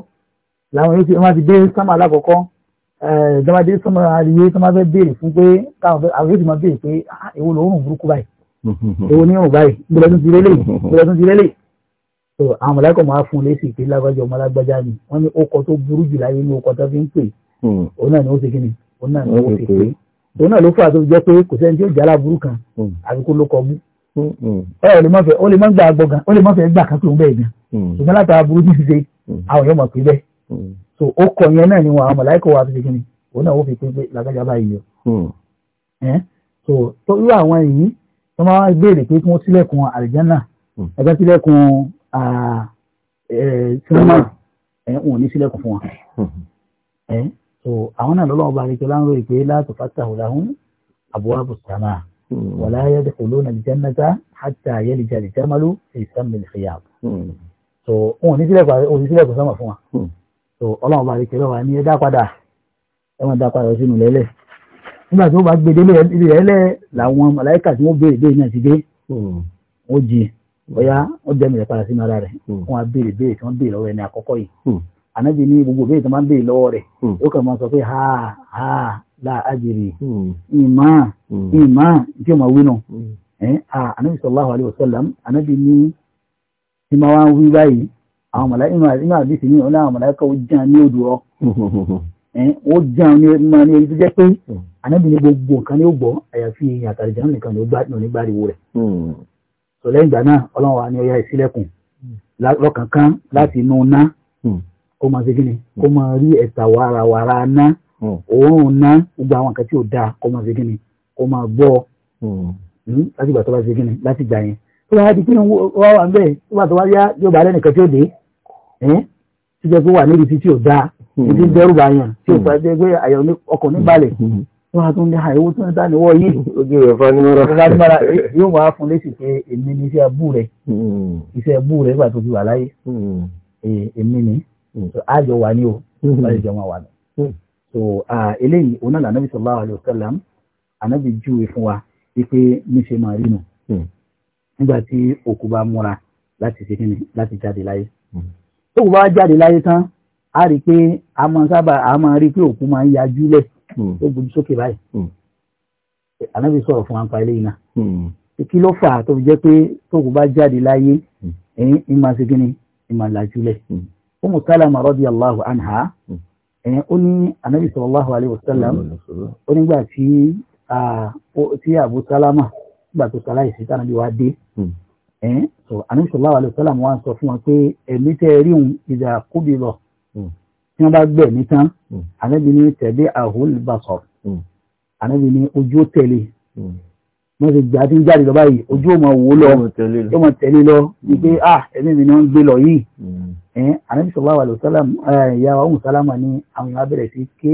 B: làwọn yóò ti wọ́n ti dé sámà alákọ̀ọ́kọ́ ìjọba dé sọmọ àríyé tó máa fẹ́ béèrè fún pé káwọn fẹ́ àwọn yóò ti máa béèrè pé ah, èwo lòórùn burúkú báyìí
C: owó
B: ní ìwọ̀n báyìí gbọ́dọ̀ tún ti lélẹ̀ gbọ́dọ̀ tún ti lélẹ̀ so àwọn mọ̀lẹ́kọ̀ máa fún un lésì pé lágbájá ọmọ lágbájá ni wọ́n ní okọ̀ tó burú jù láyé ní okọ̀ tó fi ń pè hmm. òun náà ni ó ṣe kí ni òun náà ni ó ṣe pé òun náà ló fà tó jẹ́ pé kò sẹ́ni tí ó jẹ́ aláburú kan hmm. àbí kó ló kọ bú hmm, ẹ ò lè má fẹ́ ó lè má gbà gbọ́ gan ó lè má fẹ́ gbà kan tó ń bẹ́ẹ̀ gan ṣùgbọ́n látara burú ti ṣe àwọn èèyàn mọ̀ pé bẹ́ẹ̀ so okọ̀ yẹn náà ni wọn àwọn mọ̀lẹ́kọ̀ wa ti kí ni òun náà ó fi pé pé lágbájá báyìí o so tó irú àwọn yìí tó máa béèrè pé kí wọ́n tilẹ̀kùn àlìjánà hmm. ẹgbẹ́ tilẹ̀kùn sinimá ẹ̀ wọ́n ní sílẹ̀kùn fún wa. Hmm. so àwọn náà lọ́lọ́wọ́ bá rikẹ́ láńró ìpè látò fatahu lahum abwabu sama hmm. wala yadkhuluna aljannata hatta yalija aljamalu fi sammi alkhiyab. so wọ́n ní sílẹ̀kùn sama fún wa. so ọlọ́wọ́ bá rikẹ́ lọ́wọ́ ni ẹ dá padà ẹ máa dá padà sínú lẹ́lẹ̀ nígbà tó bá gbèdé ilé ẹlẹ́ làwọn màláíkà tí wọ́n béèrè béèrè náà ti dé hmm. wọ́n jí hmm. bóyá wọ́n dẹ́mi rẹ̀ padà sínú ara rẹ̀ hmm. wọ́n á béèrè béèrè tí wọ́n béèrè lọ́wọ́ ẹni àkọ́kọ́ yìí ànábì ní gbogbo béèrè tí wọ́n béèrè lọ́wọ́ rẹ̀ ó kàn máa sọ pé ha ha la ajiri ìmọ̀ ìmọ̀ tí ó máa wí nù ànábì sallallahu alaihi wasallam ànábì ní tí máa wá wí báyìí àwọn màláíkà inú àdìsí ní ọ̀nà àwọn màláíkà ó jẹun ní odò ọ ó jẹun ní ma ní ẹni tó jẹ́ pé anábì hmm. ní gbogbo nǹkan ní ó gbọ́ àyàfi èèyàn àtàlẹ́jọ́ nìkan ní ó gbádùn ní gbáriwo rẹ̀. Hmm. sọ lẹ́yìn ìgbà náà ọlọ́run wa ní ọyá ìsílẹ̀kùn hmm. lọ́kànkán láti inú ná kó máa ṣe kí ni kó máa rí ẹ̀ta warawara ná òórùn ná gbogbo àwọn nǹkan tí ò dáa kó máa ṣe kí ni kó máa gbọ́ láti ìgbà tó bá ṣe kí ni láti ìgbà yẹn tó bá di pé wá wà ń bẹ̀ tó bá tó wá yá yóò bá ìdí bẹ̀rù bá yàn tí ó hmm. pàdé pé àyà ọkọ̀ ní balẹ̀ hmm. wọn àtún ní àìwò tó ń dá níwọ̀ yìí ojú rẹ̀ fanimọ́ra fanimọ́ra yóò wá fún lésì pé èmi ni iṣẹ́ bú rẹ̀ hmm. iṣẹ́ bú rẹ̀ nígbà tó fi wà láyé èmi ni àjọ wà ní o láti jọ wọn wà ní. so eléyìí oná là nàbì sallallahu alaihi wasallam ànábì júwe fún wa wípé níṣe máa rí nù nígbà tí òkú bá múra láti ṣe kíni láti jáde láyé. tó kù bá jáde láyé tán a rí i pé a máa sábà a máa rí i pé òkú máa ń yajú lẹ̀ hmm. ó gbójú sókè báyìí hmm. ànábì sọ̀rọ̀ fún apá eléyìí náà hmm. kí ló fà á tó fi jẹ́ pé tókù bá jáde láyé ẹ̀yìn ìmọ̀ sí ìmọ̀ làjú lẹ̀ Umu Salama radiyallahu anha ẹ̀yìn ó ní ànábì sallallahu alayhi wa sallam ó nígbà tí tí Abu Salama nígbà tó sálà ìsìn tánàbí wa dé ẹ̀yìn ànábì sallallahu alayhi wa sallam wá sọ fún wọn pé ẹ̀mí tẹ́ rí òun ìdàkúbìlọ̀ Hmm. tí wọ́n bá gbẹ̀ mí tán hmm. ànábì ní tẹ̀lé àhùn ìbàkọ̀ hmm. ànábì ní ojú ó tẹ̀lé wọ́n ti gbà tí ń jáde lọ báyìí ojú ò mọ̀ wò lọ yóò mọ̀ tẹ̀lé lọ ní pé ah ẹ̀mí mi náà ń gbé lọ yìí ànábì sallallahu alaihi wasallam ìyá wa ọ̀hún sálámà ní àwọn èèyàn bẹ̀rẹ̀ sí ké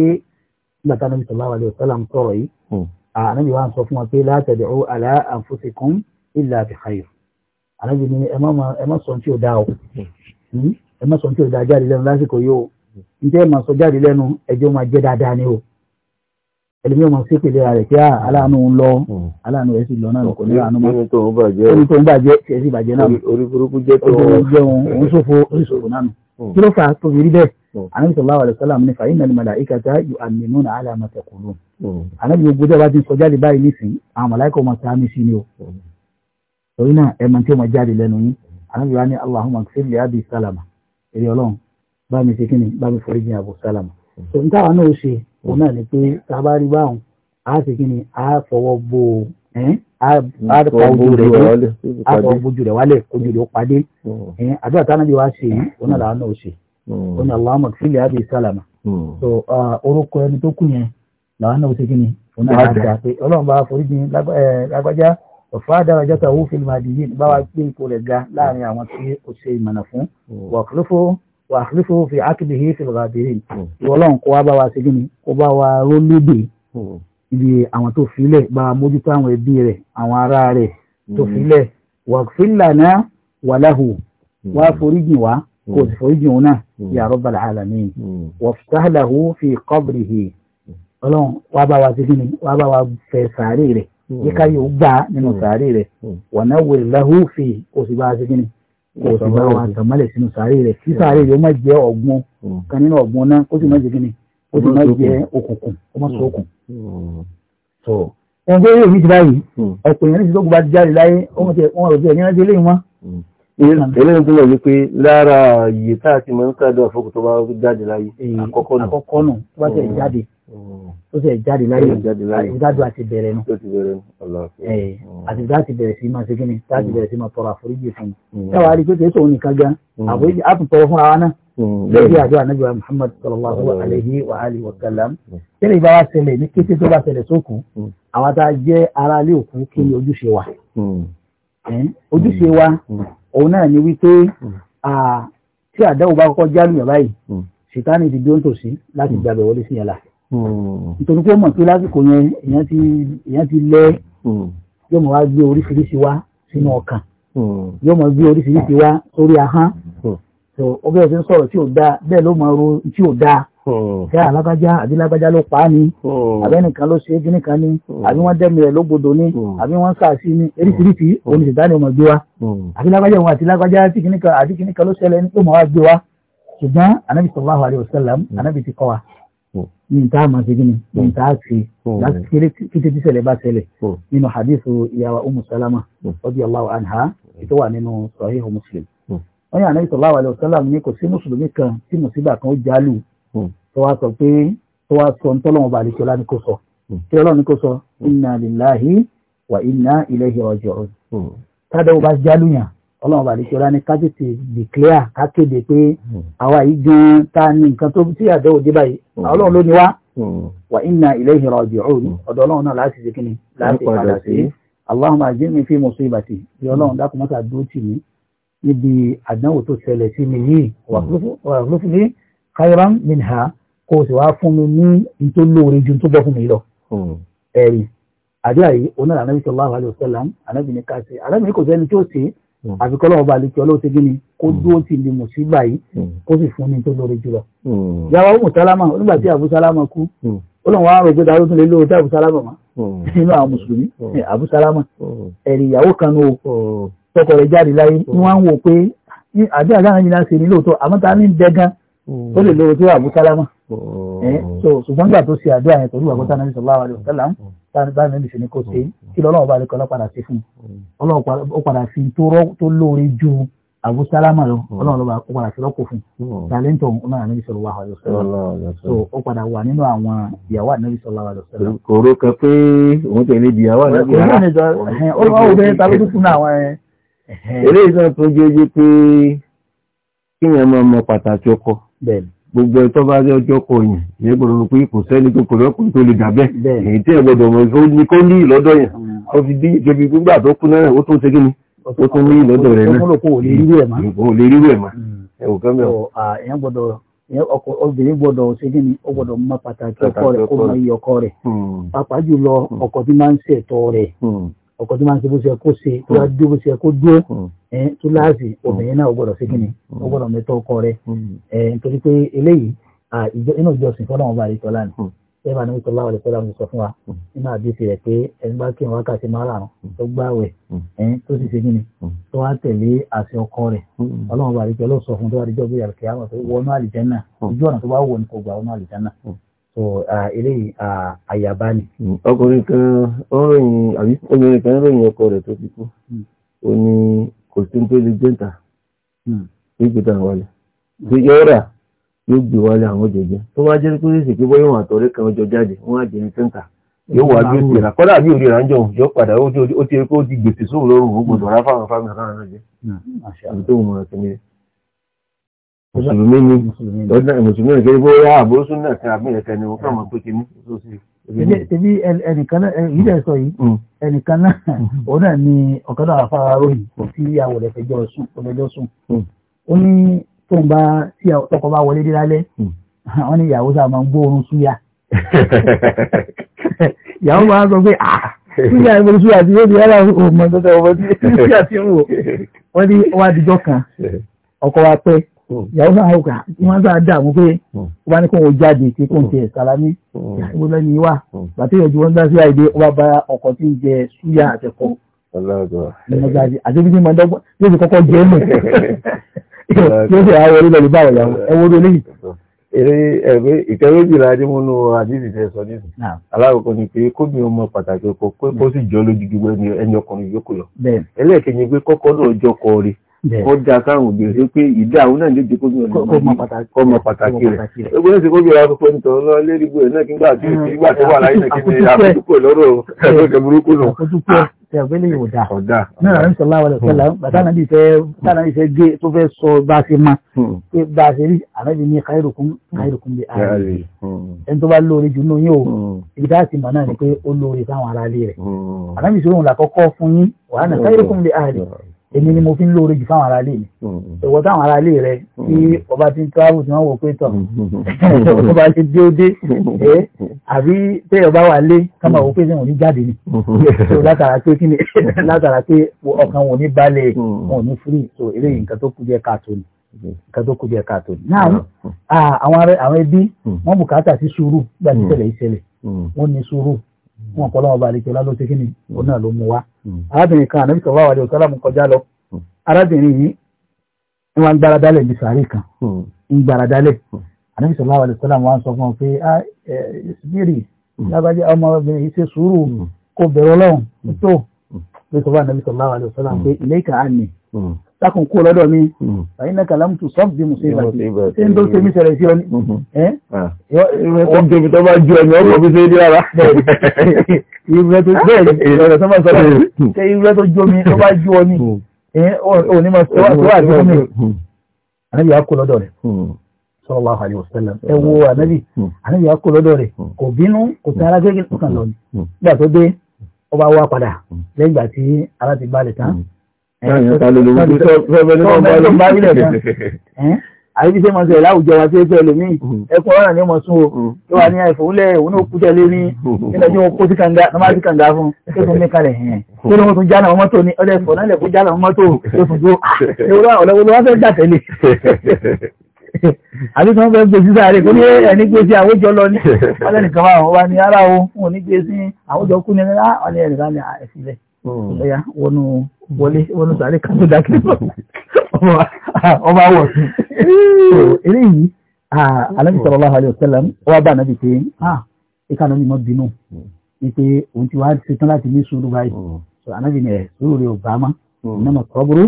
B: nígbà tí ànábì sallallahu alaihi wasallam sọ̀rọ̀ yìí ànábì wa sọ fún wọn pé la tad'u ala anfusikum illa bi khair ní ẹ má sọ tí ò dáa o ẹ má sọ ní tí ò dáa jáde lẹ́nu lásìkò yìí o ní tí ẹ máa sọ jáde lẹ́nu ẹjọ́ máa jẹ́ dáadáa ni o ẹlẹ́mi ọmọ sí pèlè rẹ̀ kí ah, aláàánú ń lọ hmm. aláàánú ẹ̀ sì lọ náà kò ní àánú mọ́ ẹni
A: tó ń bàjẹ́ ẹ̀ sì bàjẹ́ náà orí burúkú jẹ́ tó ń jẹ́ òun òun ṣòfò orí ṣòfò náà nù hmm. kí ló
B: fà á tó fi rí bẹ́ẹ̀ anabi hmm. sallallahu alayhi wa sallam ní fàyín nàní màlà ìkàtà yù àmínú nà àlà màtà kùlù anabi gbogbo jẹ́ bá ti sọ jáde báyìí nísìn àwọn màláìkà ọmọ sáà mi sí ni o torí náà ẹ̀ mọ̀ tí ó mọ̀ jáde lẹ́nu yín anabi wa ní allahumma gfir li abi salama èrè ọlọ́run bá mi ṣe kí ni bá mi forí Salama tó ń táwa náà ṣe òun náà ni pé ta bá rí báwọn a ṣe kí ni a fọwọ́ bo a fọ ojú rẹ̀ wálẹ̀ ojú ó padé mm. àdúrà táwọn náà wá ṣe yìí mm. òun náà làwọn náà ṣe òun náà làwọn Salama tó mm. orúkọ ẹni tó kù yẹn làwọn náà ṣe kí ni òun náà ọ̀fà darajatahu fil mahdiyin bá wa gbé ipò rẹ̀ ga láàrin àwọn tí ó ṣe ìmọ̀nà fún wàhálífò hmm. wàhálífò fi ákìlìhì fil ghadirin hmm. ìwọlọ́n kó wá bá wa ṣe gíní kó bá wa ró lédè hmm. ibi àwọn tó filẹ̀ bá wa mójútó àwọn ẹbí rẹ̀ àwọn ará rẹ̀ tó filẹ̀ waghfir lana wa wá foríjì wá kò sì foríjì òun náà ya rabbal alamin waftah lahu fi qabrihi ọlọ́run wá bá wa ṣe gíní wá bá wa fẹ̀ sàárè rẹ̀ yí ká yóò gbà nínú hmm. sàárè rẹ̀ wọ̀nà wèrè láhùfì kò sì bá a segin ni
A: hmm. kò sì bá wa
B: tàmálẹ̀ sínú sàárè rẹ̀ sí hmm. sàárè rẹ̀ ó má jẹ́ ọ̀gbun kan nínú ọ̀gbun náà kó sì má jẹ́ kíni kó sì má jẹ́ òkùnkùn kó má sọ òkùn. ẹnjẹ́ eré mi ti báyìí ọ̀pọ̀ èèyàn ti tókùn bá ti jáde láyé wọ́n ti wọ́n rò pé ẹ̀yìn rántí
A: eléyìí mọ́. eléyìí tó lọ yí pé lára iye tá a ti mọ̀ ń sáré àfọkù tó bá jáde láyé àkọ́kọ́ nù ó sì jáde láyé
B: ìgbádùn àti bẹ̀rẹ̀ nù hmm. àti ìgbádùn àti bẹ̀rẹ̀ sí máa ṣe kíni láti hmm. bẹ̀rẹ̀ sí máa tọrọ àforíjì
C: fún un táwa hmm.
B: rí pé tòun nìkan gan àforíjì á tún tọrọ fúnra wa náà lórí àjọ ànábìwá Muhammad sallallahu alayhi wa alihi wa sallam kíni ìbá wa ṣẹlẹ̀ ní kété tó bá ṣẹlẹ̀ sókù àwọn tá a jẹ́ ara ilé òkú kí ni ojúṣe wa ojúṣe wa òun náà ni wípé tí àdáwò bá kọ́kọ́ jálù yàrá yìí ṣètánì ti dóńtòsí láti gbàgbẹ́ wọlé sí yàrá
C: Hmm.
B: nítorí pé mọ̀ pé lásìkò yẹn èèyàn ti lẹ́ hmm. yóò mọ̀ wá gbé oríṣiríṣi wá sínú hmm. ọkàn yóò mọ̀ gbé oríṣiríṣi wá sórí ahọ́n ọbẹ̀ ẹ̀sìn sọ̀rọ̀ tí ò dáa bẹ́ẹ̀ ló máa ro tí ò dáa ṣé alágbájá àbí lágbájá ló pa á ni àbẹ́nìkan ló ṣe é gínìkan ni àbí wọ́n dẹ́mi rẹ̀ lógbodò ni àbí wọ́n sàásì ni eríṣiríṣi òun ìṣẹ̀dá ni ọmọ gbé wa àbí lágbájá òun àti lágbájá àti gínìkan ló ṣẹlẹ̀ ní pé mọ̀ wá gbé wa ṣùgbọ́n anábì sallallahu alaihi wasallam anábì ti kọ́ wa ní nta máa ṣe gíní ní nta ṣe hmm. Hmm. láti kéré títí tí ṣẹlẹ̀ bá ṣẹlẹ̀ hmm. nínú hadithu ìyàwó umu salama radiyallahu anha ètò wà nínú sahihu muslim wọ́n yà nàbí sallallahu alaihi wasallam ní kò sí mùsùlùmí kan tí mùsíbà kan ó jálù tó wá sọ pé tó wá sọ ntọ́lọ́wọ́n bá àlejò lánìí kò sọ kí ní kò sọ inna lillahi wa inna ilayhi raji'un tádàwó bá jálù yàn ọlọ́run bàdé ṣọlá ní ká tètè dìclare ká kéde pé hmm. àwa yìí gan ta ni nǹkan tó tí àdéhùn dé báyìí hmm. ọlọ́run ló ní wá hmm. wa inna ilayhi raji'un ọ̀dọ̀ ọlọ́run náà láti ṣe kíni láti padà sí allahumma ajirni fi musibati bí ọlọ́run dákun mọ́ta dúró tì mí níbi àdánwò tó ṣẹlẹ̀ sí mi yìí wà ló fún mi khayran minha kó o sì wá fún mi ní ìtò lóore ju tó bọ́ fún mi lọ ẹ̀rí àdéhà yìí onára anábì sallallahu alaihi wasallam anábì ní ká ṣe ní kò sẹ́ni tí ó ṣe Hmm. àfi kọ́ lọ́wọ́ balẹ̀ kí ọlọ́wọ́ segin ni kó hmm. dúró ti lè mọ̀ sí báyìí hmm. kó sì fún ni tó lóore jùlọ. yàrá ọmọ sálámà nígbà tí àbú sálámà kú ọlọ́wọ́ àrùn ìgbésẹ̀ àrùn tún lè lóore tí àbú sálámà mọ́
C: nínú àwọn mùsùlùmí
B: àbú sálámà ẹ̀rì ìyàwó kan ní o tọkọ rẹ̀ jáde láyé ni wọ́n á ń wò pé àbí àdáhàn yìí náà ṣe ní lóòótọ́ àmọ́ ní dẹ́gán ó lè lóore àbú sálámà.
C: Eh, so
B: ṣùgbọ́n nígbà tó ṣe àdúrà yẹn pẹ̀lú àgbọ̀tá nàbí sallallahu alaihi wasallam báyìí nàbí ṣe ni kò ṣe kí lọ́lọ́wọ́ bá lẹ́kọ̀ọ́ padà sí fún ọlọ́wọ́ ó padà fi tó lóore ju Abu Salama lọ ọlọ́wọ́ ó padà fi rọ́pò fún talento ọ̀nà nàbí sallallahu alaihi wasallam so ó padà wà nínú àwọn ìyàwó nàbí sallallahu alaihi wasallam. kòró
A: kan pé òun tẹ̀lé ìyàwó nàbí sallallahu alaihi wasallam. gbogbo ẹ̀tọ́ bá jẹ́ ọjọ́ kọyìn ní gbọ́dọ̀ pé kò sẹ́ni tó tó lè èyí tí ní kó ní yẹn mm. ó fi bí tó kú ó tó ṣe kí ni ó ní náà lè mm.
B: mm. kẹ́mẹ́ obìnrin gbọ́dọ̀ ṣe kí mọ pàtàkì ọkọ rẹ̀ kó ọkọ rẹ̀ pàápàá jùlọ tí máa ọkọ tó máa ń ṣe bó ṣe kó ṣe tó bá dé hmm. bó ṣe
C: kó dúró hmm.
B: ẹ tó láàsì hmm. obìnrin náà ó gbọ́dọ̀ ṣe kíni ó gbọ́dọ̀ mẹtọ ọkọ rẹ̀ ẹ nítorí pé eléyìí inú ìjọsìn fọlọ́wọn bá rí tọ́lá ni ẹ bá níbi tọ́lá wàlẹ̀ tọ́lá mi sọ fún wa nínú àdéhùn rẹ̀ pé ẹni bá kí wọn wákàtí márùn tó gbààwẹ̀ ẹ tó sì ṣe kíni tó wá tẹ̀lé àṣẹ ọkọ rẹ̀ ọlọ́wọ́n bá rí tọ́lá sọ fún tó wá rí jọ́ so eléyìí àyàbá ni. Hmm. ọkùnrin kan
A: ó ròyìn àbí obìnrin kan ròyìn ọkọ rẹ̀ tó ti kú hmm. ó ní kò sí tó lè jẹ́ǹtà tó hmm. gbé tàn wọlé tó yọ ọ́ rà yóò gbé wálé àwọn jẹjẹ tó bá jẹ́ pé ṣèké bóyá wọn àtọ̀rẹ́ kan jọ jáde wọn á jẹ ní sẹ́ńtà yóò wá bí ó ti rà kọ́dà bí òde rà ń jọ yóò padà ó ti rí pé ó ti gbèsè sóhun lọ́rùn ó gbọdọ̀ rà fáwọn fáwọn kan náà jẹ àbí tó mọ̀ ọ́ mùsùlùmí ni mùsùlùmí ni kéré bóyá àbóṣù náà kan àbí ẹ̀kẹ́ ni wọ́n kàn mọ́ pé kìíní tó sí.
B: ebi ẹnìkan náà yìí dẹ̀ sọ yìí mm. ẹnìkan náà mm. òun náà ni ọ̀kan náà afárá ròyìn kò sí ìyàwó rẹ̀ fẹjọ́ sùn ọlọ́jọ́ sùn mm. ó ní tóun bá tí ọkọ bá wọlé dé lálẹ́ wọ́n ní ìyàwó sábà máa ń gbóòórùn súyà ìyàwó máa ń sọ
C: pé ah súyà
B: ìmọ̀ súyà tí yóò di yàrá òun mọ̀ tó tẹ̀ wọ́n ti súyà tí ń wò wọ́n ní wọ́n adijọ́ kan ọkọ wa pẹ́ Hmm. ìyàwó náà ọkà wọn sáà dààmú pé wọn hmm. bá ní kó wọn jáde pé kó n hmm. jẹ sàlámì ìwọ lẹni wà bàtí ìyàjú wọn dá sí àìdè wọn bá ọkọ tí ń jẹ súyà àtẹkọ àtẹbí ní mọdọgbọ
A: yóò ti kọ́kọ́ jẹ mọ yóò ti àwọn orílẹ̀ èdè báwọ̀ ìyàwó ẹ wo ló léyìí. eré ẹgbẹ́ ìkẹwé adémúnú àdìsí tẹ sọ nísìn alákọ̀ọ́kọ́ ni pé kó mi ọmọ pàtàkì kó kó sì jọ lójú gbogbo ẹni ọkùnrin yòókù lọ ẹlẹ́ẹ̀kejì pé kọ́kọ́ náà jọkọ rí ó dá sáwọn obìnrin pé ìdá àwọn náà lójú kóbi ọ̀nà ọmọ pàtàkì rẹ̀ ó gbọ́dọ̀ sí kóbi ọ̀rọ̀ pípẹ́ nítorí lọ lérìgbò ẹ̀ náà kígbà tí ìgbà tó wà láyé náà kí ni àbúrúkú lọ́rọ̀ ẹ̀rọ burúkú nù. Ah.
B: ọ̀gbẹ́lẹ̀ yóò dá ọ̀dà náà ń sọ̀lá wọlé sọ̀lá bàtà náà bí fẹ́ gé tó fẹ́ sọ bá a ṣe ma
A: hmm.
C: pé
B: bá a ṣe rí àrẹ́bí ní káyọ̀kùn káyọ̀kùn bí ààrẹ ẹni tó bá lóore jù nínú yóò hmm. ibi tá a ti mọ̀ náà ni pé ó lóore fáwọn aráalé rẹ̀
C: hmm. àrẹ́bí
B: sọ̀rọ̀ òun làkọ́kọ́ fún yín wàhánà káyọ̀kùn bí ààrẹ èmi ni mo fi ń lóore jù fáwọn aráalé mi mm-hmm. ìwọ táwọn aráalé rẹ tí mm-hmm. ọba ti ń travel tí wọn wò pé tọ
C: mm-hmm. ọba ti dé ó dé ẹ eh,
B: àbí tẹ ọba wà lé káma wò pé sẹ́wọ̀n ní jáde ni so látara pé kí ni látara pé ọkàn wọn ò ní balẹ̀ wọn ò ní free so eléyìí nǹkan tó kù díẹ̀ káàtó ni nǹkan tó kù díẹ̀ káàtó ni. náà ah, àwọn ẹbí wọn bùkátà sí sùúrù gbàdúgbò ìṣẹ̀lẹ̀
C: ìṣẹ̀lẹ̀
B: wọn ní sùúrù wọn pọ̀ lọ́wọ́ balẹ̀ jọlá ló ṣe kí ni òun náà ló mú wa hmm. arábìnrin kan ànábì sọ̀rọ̀ àwọn àdéhùn sálàmù kọjá lọ hmm. arábìnrin yìí ni wọn ń gbára dálẹ̀ ibi sàárè kan hmm. ń gbára dálẹ̀ ànábì sọ̀rọ̀ àwọn àdéhùn sálàmù wọn sọ fún wọn pé bírì ah, lábàjẹ́ ọmọbìnrin yìí ṣe sùúrù kó bẹ̀rù ọlọ́run tó ló sọ fún ànábì sọ̀rọ̀ àwọn àdéhùn pé ilé ìkà dákun kó lọ́dọ̀ mi àyín náà kàlámù tó sọ́ọ̀bù bí mo ṣe bá ti ṣe ń tó ṣe mí ṣẹlẹ̀ sí ọ ní.
A: Hmm. Ah. ọ̀gbìn tó bá ju ẹ̀mí ọkọ̀ fi ṣe é dé ara. ìrẹ́ tó bẹ́ẹ̀ ni ọ̀rẹ́ tó bá sọ pé ṣé
B: ìrẹ́ tó jó mi tó bá ju ọ hmm. ní òní máa ṣe wá àti fún mi.
A: Hmm. ànábì á kó lọ́dọ̀ rẹ̀
B: sallallahu alaihi wasallam ẹ wo ànábì ànábì á kó lọ́dọ̀ rẹ̀ kò bínú kò tẹ arágbé kan lọ ní. nígbà tó dé ọba wa padà lẹ́yìn ìgbà tí ará ti balẹ̀ tán àyíbí tí mo sọ láwùjọ wa tí ó jẹ́ ẹlòmíì mm. ẹkùn ni ní ọmọ sún o mm. tó wà ní àìfòwúlẹ̀ òun náà kújẹ lé ní mm. nílẹ̀ tí wọ́n kó sí kànga ní máa sí kànga fún tó tún ní kalẹ̀ hẹ̀ẹ́ tó lóun tún jálà mọ́tò ní ọdẹ ẹ̀fọ́ náà lẹ̀kú jálà mọ́tò tó tún tó ewúrọ̀ ah, ọ̀lọ́wọ́lọ́ wá fẹ́ gbà tẹ̀lé àbí tí wọ́n fẹ́ gbèsè sáré kò ní ẹni gbèsè
A: àwùjọ lọ ní ọlẹ́ ní ara
B: òun ní gbèsè àwùjọ kú ní ah, ẹni ah, ẹ̀rẹ̀ wọlé wọnú sàárè kan tó dákẹ́ ọmọ àwọ̀ sí. eléyìí alábi sallallahu alaihi wasallam wà bá nàbì pé ìkànnà mi mọ́ bínú hmm. wípé òun ti wá ṣetán láti ní sùúrù báyìí hmm. sọ anábì ni ẹ̀ sùúrù rẹ̀ ò bá mọ́ ìnáma sọ́bùrú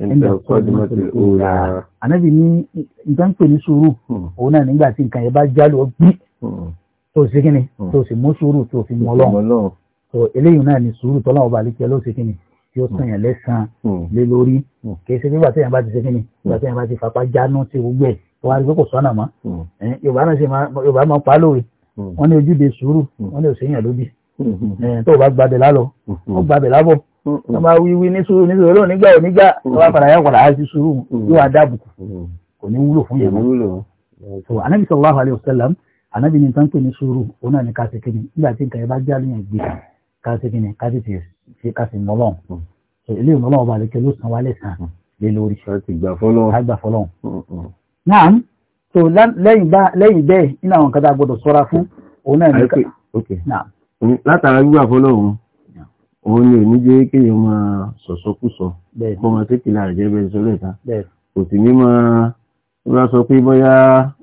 A: ẹ̀ńdà sọ́ọ̀dì mọ́tò òòrà
B: anábì ní nǹkan pè ní sùúrù hmm. òun náà nígbà tí nǹkan yẹn bá jálù ọ bí tó ṣe kíni tó sì mú sùúrù tó fi mọ́
C: lọ́wọ́
B: eléyìí náà ni sùúrù tọ́lá ọba àlejò ló ṣe kíni yóò hmm. san yàn lẹ́sàn hmm. lé lórí hmm. kì í ṣe nígbà téèyàn bá ti ṣe kíni nígbà téèyàn bá ti fapá jáná tí gbogbo ẹ̀ wọ́n á rí pé kò sọ́nà mọ́ yorùbá náà ṣe yorùbá máa pa lóore wọ́n ní ojúde sùúrù wọ́n ní òṣèyàn lóbi tó o bá gbàbẹ̀ lálọ ó gbàbẹ̀ lábọ̀ wọ́n bá wíwí ní sùúrù ní sùúrù nígbà onígbà wọ́n á padà yá padà á sí sùúrù yóò á dábùkù
A: kò ní wúlò fún yẹn mọ́ so
B: anabi sallallahu alayhi wa sallam anabi ní tán pè ní sùúrù òun náà ní ká ṣe kíni nígbà tí nǹkan yẹn bá jáde yẹn gbé ká ṣe kíni ká ṣe tiẹ̀ sí ṣe ká fi mọ́ lọ́hùn ilé mm. ìmọ̀ lọ́wọ́ balẹ̀ kẹ́ ló san wálé san
A: mm. lé lórí. láti gbà fọlọ́hùn. láti gbà fọlọ́hùn. Mm,
B: náà so lẹ́yìn bẹ́ẹ̀ nínú àwọn kan tá a gbọ́dọ̀ sọ́ra fún òun náà ní
A: ká. látara gbígbà fọlọ́hùn òun ni òní jẹ́ kéèyàn máa sọ̀sọ́kùsọ kó máa tẹ́kìlá rẹ̀ jẹ́ bẹ́ẹ̀ sọ́rọ̀ ìta kò sì ní máa wọ́n sọ pé bóyá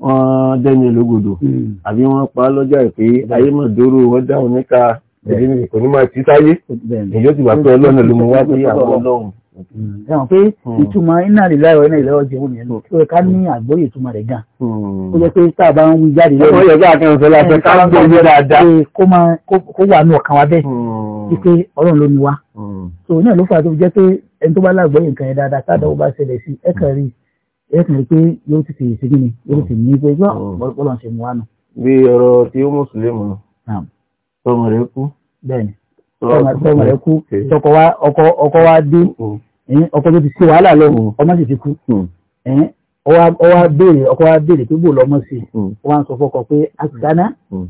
A: wọ́n dẹ́yìn ológodò hmm. àbí wọ́n pa á lọ́jà ìpé ayé mọ̀ dóró wọ́n dáhùn níka kò ní máa ti táyé èyí ó ti wà pé ọlọ́run ló mú wá sí àwọn ọlọ́run. ẹ̀wọ̀n pé hmm.
B: ìtumọ̀ iná àlèlá ọ̀rẹ́ náà ìlọ́wọ́ jẹun yẹn lò hmm. ó ká ní àgbóyè ìtumọ̀ rẹ̀ gan.
A: Hmm. ó jẹ́
B: pé tá a bá ń wí jáde lẹ́yìn. ọ̀rọ̀ kí n sọ láti ká ń gbé dáadáa. kó wà ní ọkàn wa bẹ́ẹ̀ wípé ọlọ́run ló ní wá. so náà ló fà jẹ́ pé ẹni tó bá lágbóyè nǹkan yẹn dáadáa táàdà ó bá ṣẹlẹ̀ sí ẹ kàn
A: rẹ kú bẹ́ẹ̀ni ọmọ rẹ kú tọkọ
B: wa ọkọ ọkọ wa dé mm. ọkọ tó ti ṣe wàhálà lọ mm. ọmọ sì ti kú mm. ọ wá béèrè ọkọ wá béèrè pé bò lọmọ sí ọ wá ń sọ fọkọ pé àtìdáná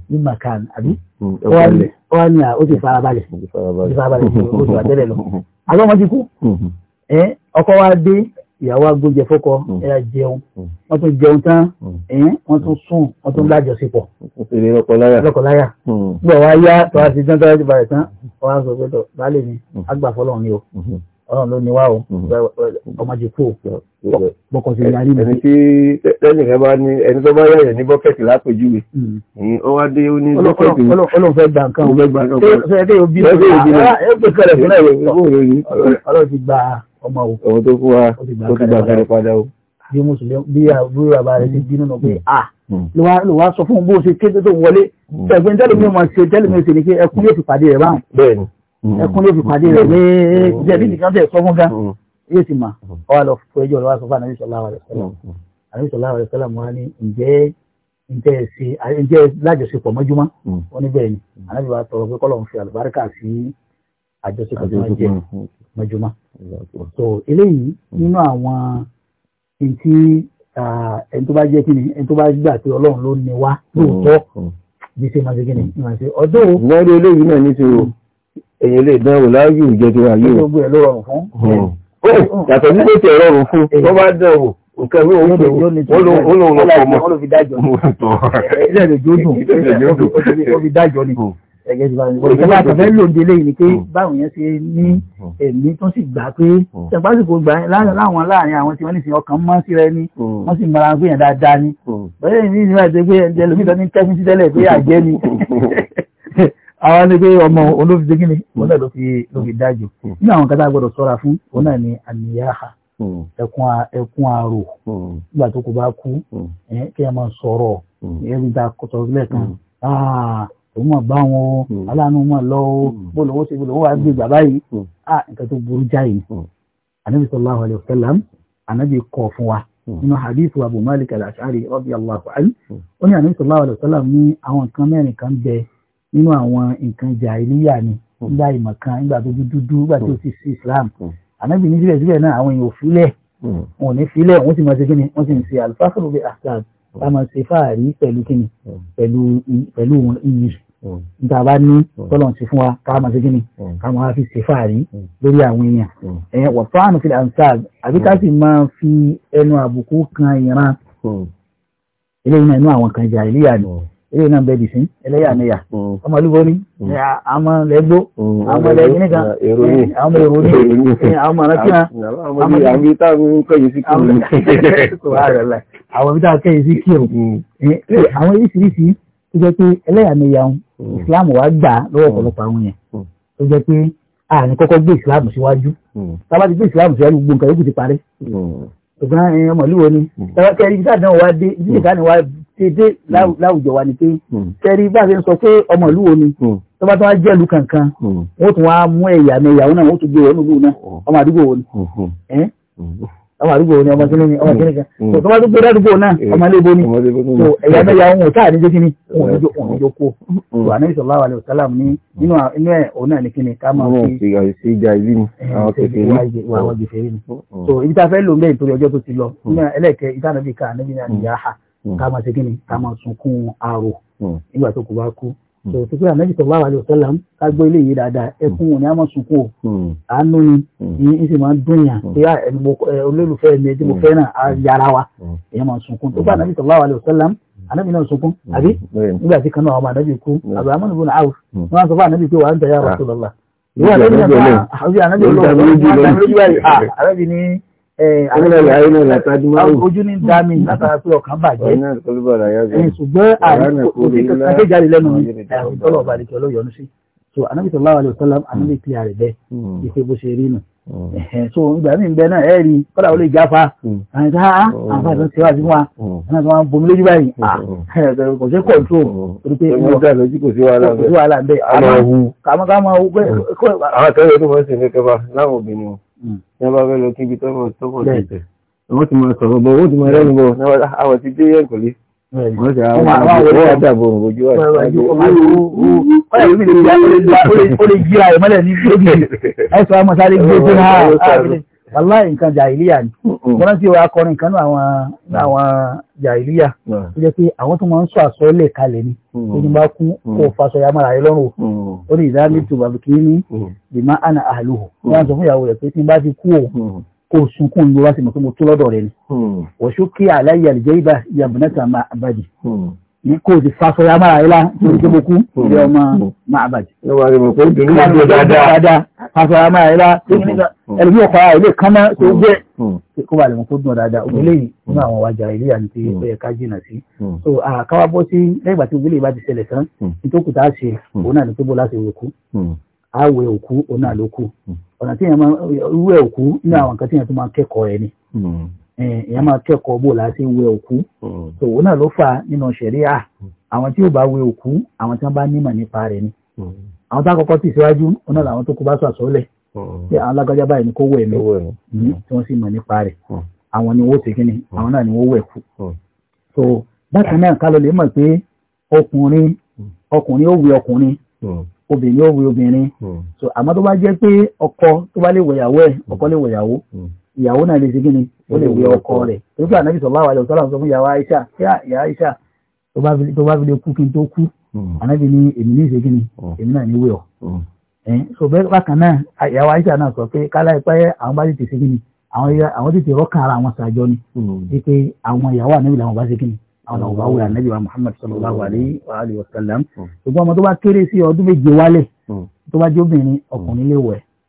B: ní makan àbí ọ wá ní à ó ti farabalẹ̀ ó ti farabalẹ̀ ó ti wà tẹ́lẹ̀ lọ àbí ọmọ
C: ti kú mm-hmm.
B: ọkọ wá dé ìyàwó agbójẹ fọkọ ẹyà jẹun wọn tún jẹun tán ẹyìn tún sùn wọn tún lájọṣepọ̀
A: lọ́kọláya gbọ wá
B: yá tó a ti dán tó a ti bàrẹ̀ tán wọn á sọ pé tọ baálé mi àgbà fọlọ́run ni o Ọlọ́run ló ní wá o
A: ọmọdé kú o bọkọ sí ìyá nínú. ẹni tí lẹ́nìkan bá ní ẹni tó bá yẹ̀yẹ̀ ní bọ́kẹ́tì lápèjúwe ó wá dé ó ní bọ́kẹ́tì. Ọlọ́run fẹ́ gba nǹkan o fẹ́ gba nǹkan o fẹ́ gba nǹkan o fẹ́ gba nǹkan o o fẹ́ gba o fẹ́ gba o fẹ́ gba o fẹ́ ọmọ o ọmọ tó kú wa tó ti gbà kárẹ padà o.
B: bí mùsùlùmí bí àbúrò bàbá rẹ ti bínú náà pé hmm. a ah, hmm. ló wá sọ fún bó ṣe kéde tó ń wọlé hmm. ẹgbẹ́ tẹ́lẹ̀ mi ò mọ̀ ṣe tẹ́lẹ̀ mi ò ṣe ni pé ẹkún yóò fi pàdé rẹ̀ báwọn
C: ẹkún yóò fi pàdé rẹ̀ ní jẹ̀bi nìkan
B: tẹ̀ sọ fún gan yóò ti mà ọ́ lọ fún ẹjọ́ lọ́wọ́ sọ fún ànábì sọ̀lá wa rẹ̀ sọ́lá wa rẹ̀ sọ́lá mọ́ ní ǹjẹ́ ǹjẹ́ ṣe ǹjẹ́ lájọṣepọ̀ mọ́júmọ́ wọn níbẹ̀ ni ànábì wa tọrọ pé kọ́lọ́ ń fi àlùbáríkà sí àjọṣepọ̀ tó ń jẹ mọ́júmọ́. so eléyìí nínú àwọn ntí ẹni tó bá jẹ́ kí ni ẹni tó bá gbà pé ọlọ́run ló ní wá lóòótọ́ mm-hmm. bí ṣe máa ṣe kí ni ìmọ̀ ṣe ọdọ́.
A: lọ́dọ̀ eléyìí náà ní ti o èyí lè dánwò láàyè ìjọ tí wà yìí o. gbogbo ẹ̀ ló rọrùn fún. Hmm.
C: Oh, yàtọ̀ nígbà tí ẹ rọrùn fún tó bá dánwò
A: nǹkan mi ò ń pè wọ́n lòun lọ́pọ̀ mọ́. ó lò fi dájọ́ ni. ó fi dájọ́ ni. Hmm ìjọba àtọ̀fẹ́ ló ń
B: délé yìí ni pé hmm. báwọn yẹn ṣe ní hmm. ẹ̀mí tó sì gbà pé hmm. ṣàpásìkò gbà láwọn láàrin àwọn tí wọ́n ní sin ọkàn mọ́ síra ẹni wọ́n sì mara pé yẹn dáadáa ni bẹ́ẹ̀ ni ìlú àti pé ẹlòmíì tó ní kẹ́fín sí tẹ́lẹ̀ pé àjẹ́ ni àwọn ni pé ọmọ olófin dégínì òun náà ló fi ló fi dájú nínú àwọn kátà gbọdọ̀ sọ́ra fún òun náà ni àníyáha ẹkún àrò nígbà tó kò bá kú kí ẹ máa sọ̀rọ̀ ẹ̀rí ìdá kọ̀tọ̀ lẹ́ẹ̀kan ah, òun mà bá wọn o hmm. aláàánú mà lọ o hmm. bó lówó ṣe bó lówó wà gbé bàbá yìí hmm. à nǹkan tó burú jáì ni anabi sallallahu alayhi wa sallam anabi kọ fún wa nínú hadithu abu malik al-ashari radiyallahu anhu ó ní anabi sallallahu alayhi wa sallam ní àwọn nǹkan mẹ́rin kan bẹ nínú àwọn nǹkan jàìlíyà ni nígbà ìmọ̀ kan nígbà tó dúdú nígbà tó ti sí islam anabi ní síbẹ̀síbẹ̀ náà àwọn èèyàn ò filẹ̀ wọn ò ní filẹ̀ wọ́n sì máa ṣe kí ni sì ń ṣe alifásọ̀rọ̀ bíi ahsan ká máa ṣe fáàrí pẹ̀lú kí pẹ̀lú iyì Hmm. níta bá ní hmm. tọ́lọ̀ ti fún wa ká máa ṣe kíni hmm. ká máa fi ṣe fàárí lórí àwọn èèyàn ẹ̀yẹn wọ̀tọ́ àánú fi ansab àbí ká sì máa fi ẹnu àbùkù kan ìran eléyìí náà inú àwọn kan jà ìlíyà ni eléyìí náà bẹ́ẹ̀ bìsín ẹlẹ́yàmẹ̀yà ọmọ olúbo ní àmọ́
A: lẹ́gbó àmọ́ lẹ́yìn nìkan àmọ́ èrò ní àmọ́ arákìnà àwọn ibi tá a kẹ́yìn sí kírun àwọn ibi tá a kẹ́yìn sí kírun
B: àwọn oríṣiríṣi tó jẹ́ pé ẹlẹ́yàmẹ̀yà Mm. islam wa gbà lọ́wọ́ mm. ọ̀pọ̀lọpọ̀ àwọn yẹn mm. tó jẹ́ pé àní kọ́kọ́ gbé islam síwájú tábà ti gbé islam síwájú gbogbo nǹkan yóò ti parí ṣùgbọ́n ẹ̀yin ọmọ ìlú wo ni kẹrí bí sáà náà wá dé bí nìkan ni wá ṣe dé láwùjọ wa ni pé kẹrí bá ṣe ń sọ pé ọmọ ìlú wo ni tó bá tó wá jẹ́ ìlú kankan wọ́n tún wá mú ẹ̀yà mẹ́yà wọn náà wọ́n tún gbé wọn nílùú náà ọmọ àdúgbò wo ni mm-hmm ọmọ àdúgbò ni ọmọ mm. kíní ni ọmọ kíní kan
A: tó mm. tó bá tó gbé ládùúgbò náà eh, ọmọ lébo ni tó ẹ̀yà mẹ́yà ohun ọ̀tá àníjó kíní ohun ìjó ohun ìjó
B: kó tó ànábì sallallahu alaihi wasallam ní nínú mm. inú ẹ̀ òun náà ní kíní ká máa fi
A: sí ìjà ìlú ni eh, àwọn kékeré àwọn jèfèrè ni tó
B: ibi tá a fẹ́ lò ń bẹ́ẹ̀ nítorí ọjọ́ tó ti lọ nínú ẹlẹ́kẹ̀ẹ́ ìtànàbí ká ànábì ní àníyá ha ká máa ṣe kíní ká máa sunkún àrò nígbà tó kù bá kú sọ sí pé ànábì sallallahu alaihi wasallam ká gbé ilé yìí dáadáa hmm. ẹkún òní àmọ́ sunkún o hmm. àánú ni ní hmm. sì máa ń dùn yàn pé eh, eh, olólùfẹ́ mi tí mo fẹ́ náà á yára wa èèyàn máa sunkún tó bá ànábì sallallahu alaihi wasallam ànábì náà sunkún àbí nígbà tí kan náà ọmọ ànábì kú Abdurrahman ibn Awf wọn sọ fún ànábì pé wà á ń tẹ̀yà ah. Rasulullah ìwé ànábì náà ànábì ní Eh, ojú ní dámì hmm. látara pé ọkàn bàjẹ́ eh, ṣùgbọ́n àrùn òṣèlú kéjáde lẹ́nu ìtọ́lọ̀ ọba àdìkẹ́ olóyọ̀nù sí so anábì sallallahu alaihi wasallam anábì kílẹ̀ hmm. rẹ̀ bẹ́ẹ̀ hmm. ìṣe bó ṣe rí nù so ìgbà mí bẹ́ẹ̀ náà ẹ̀rí kọ́dà ó lè jáfa ah, àwọn ìta àwọn ìta ṣe wá sí wa náà tó máa ń bomi lójú báyìí ah,
A: kò ṣe kọ̀ǹtró torí pé kò sí wàhálà bẹ́ẹ̀ àmọ́ ká máa wú bẹ́ẹ̀. àwọn akẹ́rẹ́ tó máa ń ṣe fẹ́ kẹfà láwọn obìnrin yẹn bá fẹ́ lọ kíbi tó mọ̀ tó pọ̀ sí wọ́n ti máa sọ̀rọ̀ bọ̀ wọ́n ti máa lẹ́nu bọ̀ àwọ̀ ti dé yẹ̀ kọ́lé wọ́n ti àwọn àwọn àdàbọ̀ ojú wa. ó lè jí ara ẹ̀ mọ́lẹ̀ ní lóbi ẹ̀sọ́ amọ̀sáré gbé fún wa
B: wàláì nǹkan jàìlíyà ni wọ́n mm, mm. rántí akọrin kan náà àwọn mm. jàìlíyà tó jẹ́ pé àwọn tó máa ń sọ àsọ́ọ́lẹ̀ kalẹ̀ ni ó ní bá kún kó fasọ ya mara rẹ lọ́rùn ó ní ìdánilé tó bàbá kì í ní ìmá àna àlùhù wọ́n á sọ fún ìyàwó rẹ̀ pé tí n bá ti kú o kó sunkún ní wá sí mọ̀ tó mọ̀ tó lọ́dọ̀ rẹ̀ ni ọ̀ṣókè aláyàlẹ́jẹ́ ìbá ìyàbùnẹ́ta máa bàjẹ́ ní kò sì fásọyà mára ilá torí kí mo kú hmm. ilé ọmọ máa hmm. bàjẹ́. ẹ wà rí mọ̀ pé dùnú ìlú dáadáa fásọyà mára ilá ẹlòmí ọkọ̀ ara ilé kan máa tó hmm. jẹ́ kó bá lè mọ̀ kó dùn dáadáa òmìnir yìí nínú àwọn wájà ilé àti tí ó yẹ ká jìnà sí. so àkáwá bọ́ sí lẹ́gbà tí òmìnir bá ti ṣẹlẹ̀ tán nítòkù tá a ṣe òun náà ní pé bó láti wò kú àwẹ̀ òkú òun náà ló kú ọ̀nà tí Eh, èèyàn máa kẹ́kọ̀ọ́ bò láti wẹ òkú tó hmm. òun náà ló fà nínú ṣẹ̀ríà hmm. àwọn tí ò bá wẹ òkú àwọn tí wọ́n bá nímọ̀ nípa rẹ̀ ni hmm. àwọn tá àkọ́kọ́ tì síwájú òun náà làwọn tó kú bá sàsọ́lẹ̀ tí àwọn alágbájá báyìí ni kó wẹ̀ mí tí wọ́n sì mọ̀ nípa rẹ̀ àwọn ni wọ́n ṣe kí ni àwọn náà ni wọ́n wẹ̀ kú. so bákan náà ká lọ lè mọ̀ pé ọkùnrin ọkùnrin ó wẹ ọkùnrin so àmọ́ tó bá jẹ́ pé ọkọ tó bá lè wẹ̀yàwó ẹ̀ ọkọ lè ìyàwó náà lè ṣe kí ni ó lè wé ọkọ rẹ̀ torí pé ànábì sallallahu alaihi wasallam sọ fún ìyàwó Aisha ìyá Aisha tó bá fi kú kí n tó kú hmm. ànábì ní èmi ní ìṣe kí ni hmm. èmi náà ní wé ọ. Hmm. so bẹ́ẹ̀ bákan náà ìyàwó Aisha náà sọ pé kálá ipá yẹ àwọn bá tètè ṣe kí ni àwọn tètè rọ́kàn ara àwọn sàjọ ni wípé àwọn ìyàwó ànábì làwọn bá ṣe kí ni àwọn ọba wúra ànábì wa Muhammad sallallahu alaihi wa alihi wasallam ṣùgbọ́n ọmọ tó bá kéré sí ọdún méje wálẹ̀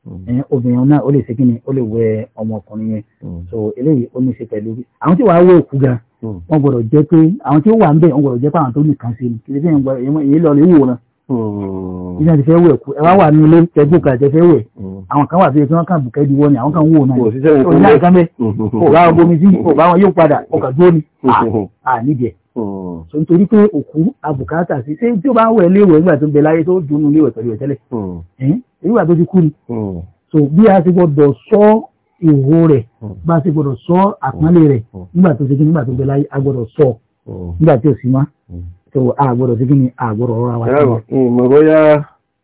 B: Mm. obìnrin náà ó lè ṣe kíni ó lè wẹ ọmọkùnrin yẹn mm. so eléyìí ó ní í ṣe pẹ̀lú àwọn tí wàá wọ òkú ga mm. wọn gbọ́dọ̀ jẹ́ pé àwọn tí ó wà ń bẹ̀ wọn gbọ́dọ̀ pé àwọn tó ni èyí lọ lè wò náà ìyá ti fẹ́ wẹ̀ kú ẹ wá wà ní ilé tẹ́gbù kan tẹ́ fẹ́ wẹ̀ àwọn kan wà kàn bùkẹ́ ni àwọn kan wò náà
C: sí wọn yóò
B: padà ọkà à nídìí Hmm. so nítorí pé òkú abùkátà sí ṣé tí ó bá wẹ̀ léwẹ̀ nígbà tó ń bẹ láyé tó dùnú léwẹ̀ pẹ̀lú ẹ̀tẹ́lẹ̀ hmm. nígbà tó ti kú ni hmm. so bí a ti gbọdọ̀ sọ ìhó rẹ̀ bá a ti gbọdọ̀ sọ àpọ́nlé rẹ̀ nígbà tó ti kú nígbà tó ń bẹ láyé a gbọdọ̀ sọ nígbà tí ò sí má tó a gbọdọ̀ ti kú ni a gbọdọ̀ rọra wa.
A: ìmọ̀ bóyá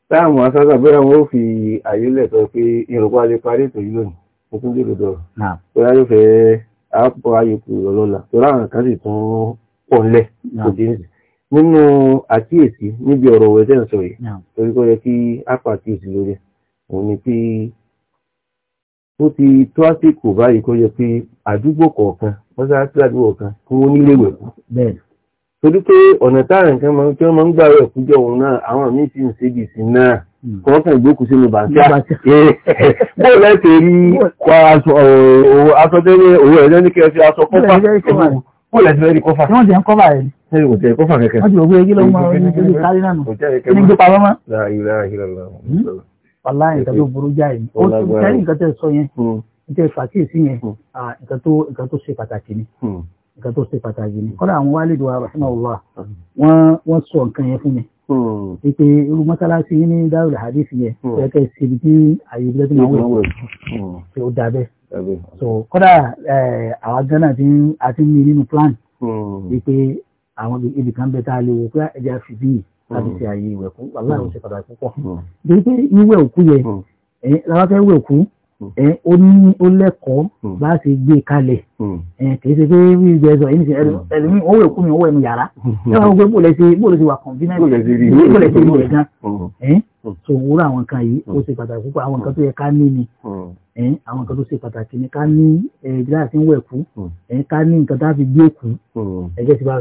A: táàmù asásà bóyá wọn ó fi àyè lẹ̀ sọ pé ìrọ̀pá lè parí pọ̀ ńlẹ̀ nínú àkíyèsí níbi ọ̀rọ̀ òwe ń sọ yìí torí kó yẹ kí lórí òun ni pé ó ti tó àsìkò báyìí kó yẹ pé àdúgbò kọ̀ọ̀kan àdúgbò kan kí wọ́n nílé torí pé ọ̀nà táwọn nǹkan máa ń wọ́n máa ń gbà òun náà ó lẹ́sí lórí kófà. wọ́n ti ń kọ́fà rẹ̀. ṣé kò tẹ̀ kófà kẹ̀kẹ́. wọ́n ti rò pé kí ló ń mọ orí nítorí kárí
B: náà nù. ní gbé pa mọ́mọ́. wàláhì nǹkan tó burú jáì ni. ó ti tẹ́lẹ̀ nǹkan tẹ̀ sọ yẹn hmm. nǹkan fàkíyèsí yẹn hmm. nǹkan tó ṣe pàtàkì ni hmm. nǹkan tó ṣe pàtàkì ni. kọ́dà àwọn wálé
C: ìpè
B: hmm. irú mọ́sálásí ní dáhùn àdìsí yẹn Ee. síbi tí àyè ìbílẹ̀ tó máa ń wẹ̀
C: tí hmm. ó dà bẹ́ẹ̀. so
B: kódà àwa gánà àti mi nínú plan hmm. wípé kan bẹ a fi bí láti ṣe àyè ìwẹ̀ kú wàhálà ó ṣe pàtàkì púpọ̀. iwe Mm. ó lẹ́kọ̀ọ́ mm. bá ṣe gbé kalẹ̀ mm. kìí ṣe pé bí ibi ẹ̀sọ̀ yìí ṣe ẹlòmíì owó èkó mi owó ẹnu yàrá ẹ wá gbé bóòlẹ̀ ṣe bóòlẹ̀ ṣe wà kọ̀ǹfínà bóòlẹ̀ ṣe ìwé gan so wúrò àwọn nǹkan yìí ó ṣe pàtàkì púpọ̀ àwọn nǹkan tó yẹ ká ní ni àwọn nǹkan tó ṣe pàtàkì ni ká ní gíláàsì ń wẹ̀kú ká ní nǹkan tá a fi gbé òkú ẹgbẹ́ ti bá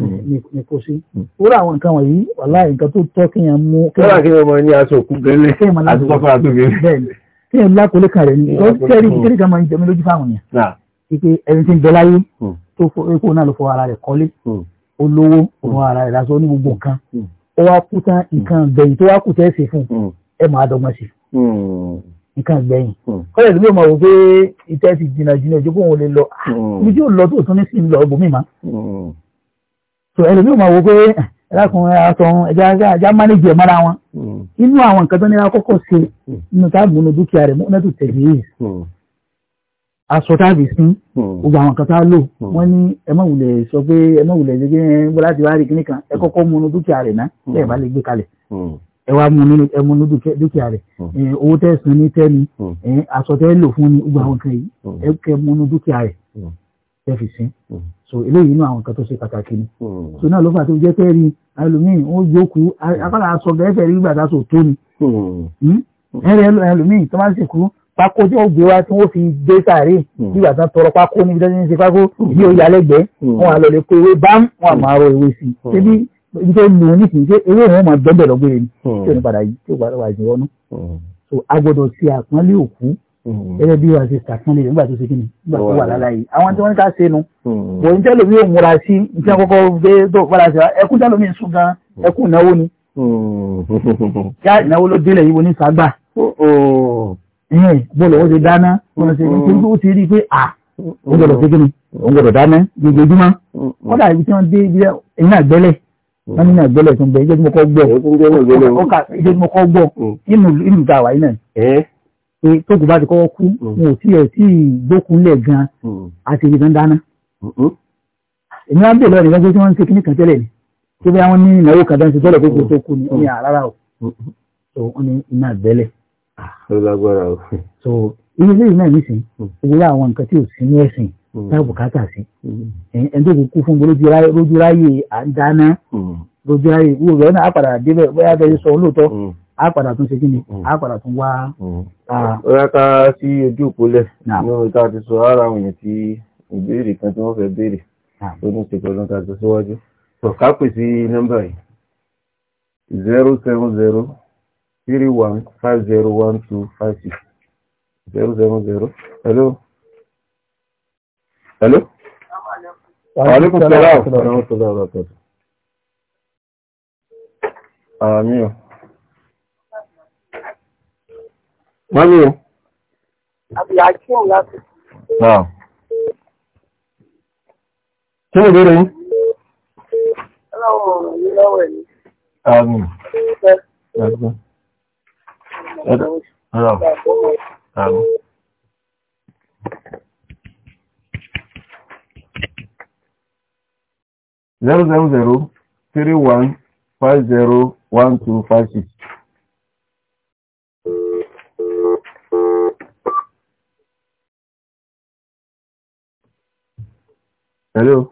B: ní kó sí. wúrò àwọn nǹkan wọ̀nyí wàhálà nǹkan tó tọ́ kéèyàn mú. kí wọ́n kí
A: wọ́n mọ ní aṣọ òkú gẹ́lẹ́ aṣọ kọ́kọ́ àtúgbẹ́lẹ́
B: tí ẹ̀ lákòólé kan rẹ̀ ni ó kẹ́rì kẹ́rì kan máa ń jẹun lójú fáwọn yẹn pípé ẹni tí ń bẹ láyé hmm. tó kó náà ló fọ ara rẹ̀ kọ́lé hmm. olówó hmm. òun ara rẹ̀ lásán ní gbogbo nǹkan ó wá kú tán nǹkan gbẹ̀yìn tó wá kù tẹ́ ṣe fún ẹ máa dọ́gbọ́n sí nǹkan gbẹ̀yìn kọ́lẹ̀ ló bí wò pé ìtẹ́ ti jìnnà jìnnà ìjókòó òun lè
C: lọ ibi tí
B: ó lọ tó tún ní sí ìlọ ọgbọ̀n mímá so ẹlòmíràn máa ẹlákùnrin aṣọ ẹja ajá mánéjì ẹ̀ mọ́ra wọn hmm. inú àwọn nǹkan tó ní akọ́kọ́ ṣe hmm. inú táàbù ní dúkìá rẹ̀ mọ́nẹ́tù tẹ̀lé yìí hmm. aṣọ táàbì sí gbogbo àwọn nǹkan tá a lò wọ́n ní ẹmọ́wùlẹ̀ sọ pé ẹmọ́wùlẹ̀ ṣe gẹ́gẹ́ bọ́lá ti wá rí kíní kan ẹ kọ́kọ́ mú ní dúkìá rẹ̀ ná bẹ́ẹ̀ bá lè gbé kalẹ̀ ẹ wá mú ní ẹmú ní dúkìá rẹ̀ owó tẹ́ san ní tẹ́ni aṣọ tẹ́ lò fún ní gbogbo àwọn nǹkan yìí ẹ kẹ́ mú ní dúkìá rẹ̀ tẹ́ fi sí so eléyìí inú àwọn nǹkan tó ṣe pàtàkì ni so náà ló fà tó jẹ́ tẹ́ẹ̀rí ẹlòmíì ó jókòó akọ́là aṣọ gẹ́gẹ́ rí gbàdá sò tó ni hmm. Hmm? ẹ̀rẹ̀ ẹlòmíì tó bá sì kú pákó tí ó gbé wá tí wọ́n fi dé sàárè nígbà hmm. tán tọrọ pákó níbi tí wọ́n ti ń ṣe pákó bí ó yà lẹ́gbẹ̀ẹ́ wọn à lọ lè kó ewé bám wọn à máa
C: rọ ewé sí i ṣébí
B: ibi tó lu oníṣìí ṣé ewé òun máa gbẹ́bẹ̀ lọ́gbẹ̀rẹ̀ ni tí ò ní padà yìí tí ò padà wà jù ọ́nú. Mm-hmm. gẹ́gẹ́ bí wàá ṣe ṣàtúnlẹ̀ nígbà tó ṣe kí ni nígbà tó wà láláyé àwọn tí wọ́n ń ká ṣe nu bò ń tẹ́lẹ̀ mi ò múra sí ní àkọ́kọ́ mm-hmm. gbé tó padà sí ẹkún tẹ́lẹ̀ mi sùn gan mm-hmm. ẹkún ìnáwó ni yá ìnáwó ló délẹ̀ yìí wo ní sàgbà bó lọ́wọ́ ṣe dáná bó lọ́wọ́ ṣe ní tó ti rí pé à ó gbọ́dọ̀ ṣe kí ni ó gbọ́dọ̀ dáná gbogbo kọ́dà ibi tí wọ́n dé ibi ẹ̀yìn àgbẹ́lẹ̀ wọ́n ní àgbẹ́lẹ̀ tó ń bẹ ìjẹ́ tí mo kọ́ gbọ́ pé tóògùn bá ti kọ́kọ́ kú mm. wọn ò tiẹ̀ tí gbókunlẹ̀ gan mm. àti ìdìbò dáná. Mm-hmm. èmi wá ń bè lọ́ọ̀rì tí wọ́n ń ṣe kíní kan tẹ́lẹ̀ ni tí bí wọ́n ní ìnáwó kan dáńsí tẹ́lẹ̀ gbogbo tó kú ni ní mm. àrárá o mm-hmm. so wọ́n ní iná àbẹ́lẹ̀. Ah, so ilé ilé náà nìsín owó àwọn nǹkan tí ò sí ní ẹ̀sìn tábùkátà sí
C: mm-hmm.
B: ẹni tó kù kú fún rojú ráyè à ń ráyè wúwo a padà tún ṣe kíni a padà tún wá.
A: ó yá ká sí ojú ìpólẹ̀ nínú ìta ti sọ ara àwọn èèyàn tí ìbéèrè kan tí wọ́n fẹ́ béèrè ó ní ṣe pẹ̀lú ta tó síwájú. ká pè sí nọ́mbà yìí zero seven zero three one five zero one two five six zero seven zero hello. hello. Wàhálẹ́kùn sọ́lá ọ̀sán ọ̀sán ọ̀sán ọ̀sán. Àmì ọ̀. wọ́n ní o.
D: àbí akim láti. kí ni ìbéèrè yín. ọlọ́run
A: zero zero zero three one five zero one two five six. hello